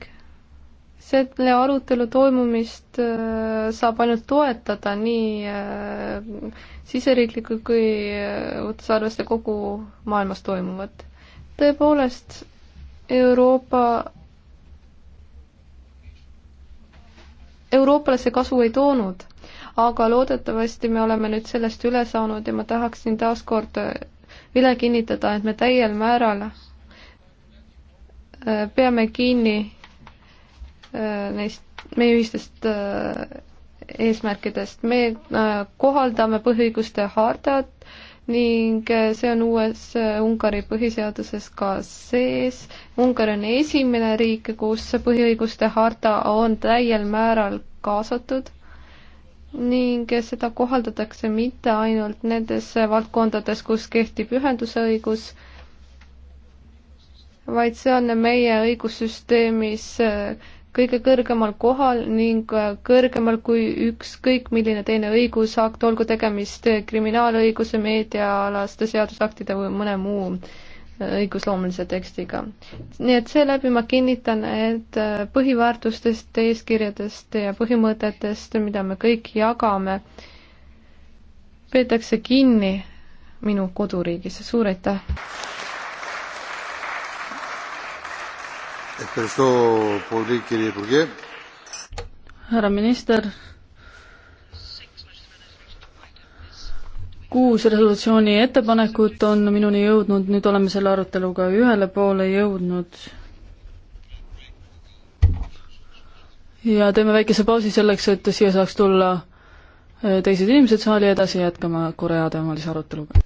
selle arutelu toimumist äh, saab ainult toetada nii äh, siseriiklikult kui äh, võttes arvesse kogu maailmas toimuvat. tõepoolest, Euroopa Euroopale see kasu ei toonud, aga loodetavasti me oleme nüüd sellest üle saanud ja ma tahaksin taaskord üle kinnitada, et me täiel määral Äh, peame kinni äh, neist, meie ühistest äh, eesmärkidest. me kohaldame põhiõiguste hardat ning see on uues Ungari põhiseaduses ka sees. Ungari on esimene riik, kus põhiõiguste harta on täiel määral kaasatud ning seda kohaldatakse mitte ainult nendes valdkondades, kus kehtib ühenduse õigus, vaid see on meie õigussüsteemis äh, kõige kõrgemal kohal ning äh, kõrgemal kui ükskõik milline teine õigusakt, olgu tegemist äh, kriminaalõiguse, meediaalaste seadusaktide või mõne muu õigusloomelise tekstiga. nii et seeläbi ma kinnitan, et põhiväärtustest, eeskirjadest ja põhimõtetest, mida me kõik jagame, peetakse kinni minu koduriigis, suur aitäh! härra minister, kuus resolutsiooni ettepanekut on minuni jõudnud, nüüd oleme selle aruteluga ühele poole jõudnud. ja teeme väikese pausi selleks, et siia saaks tulla teised inimesed saali edasi jätkama Korea teemalise aruteluga.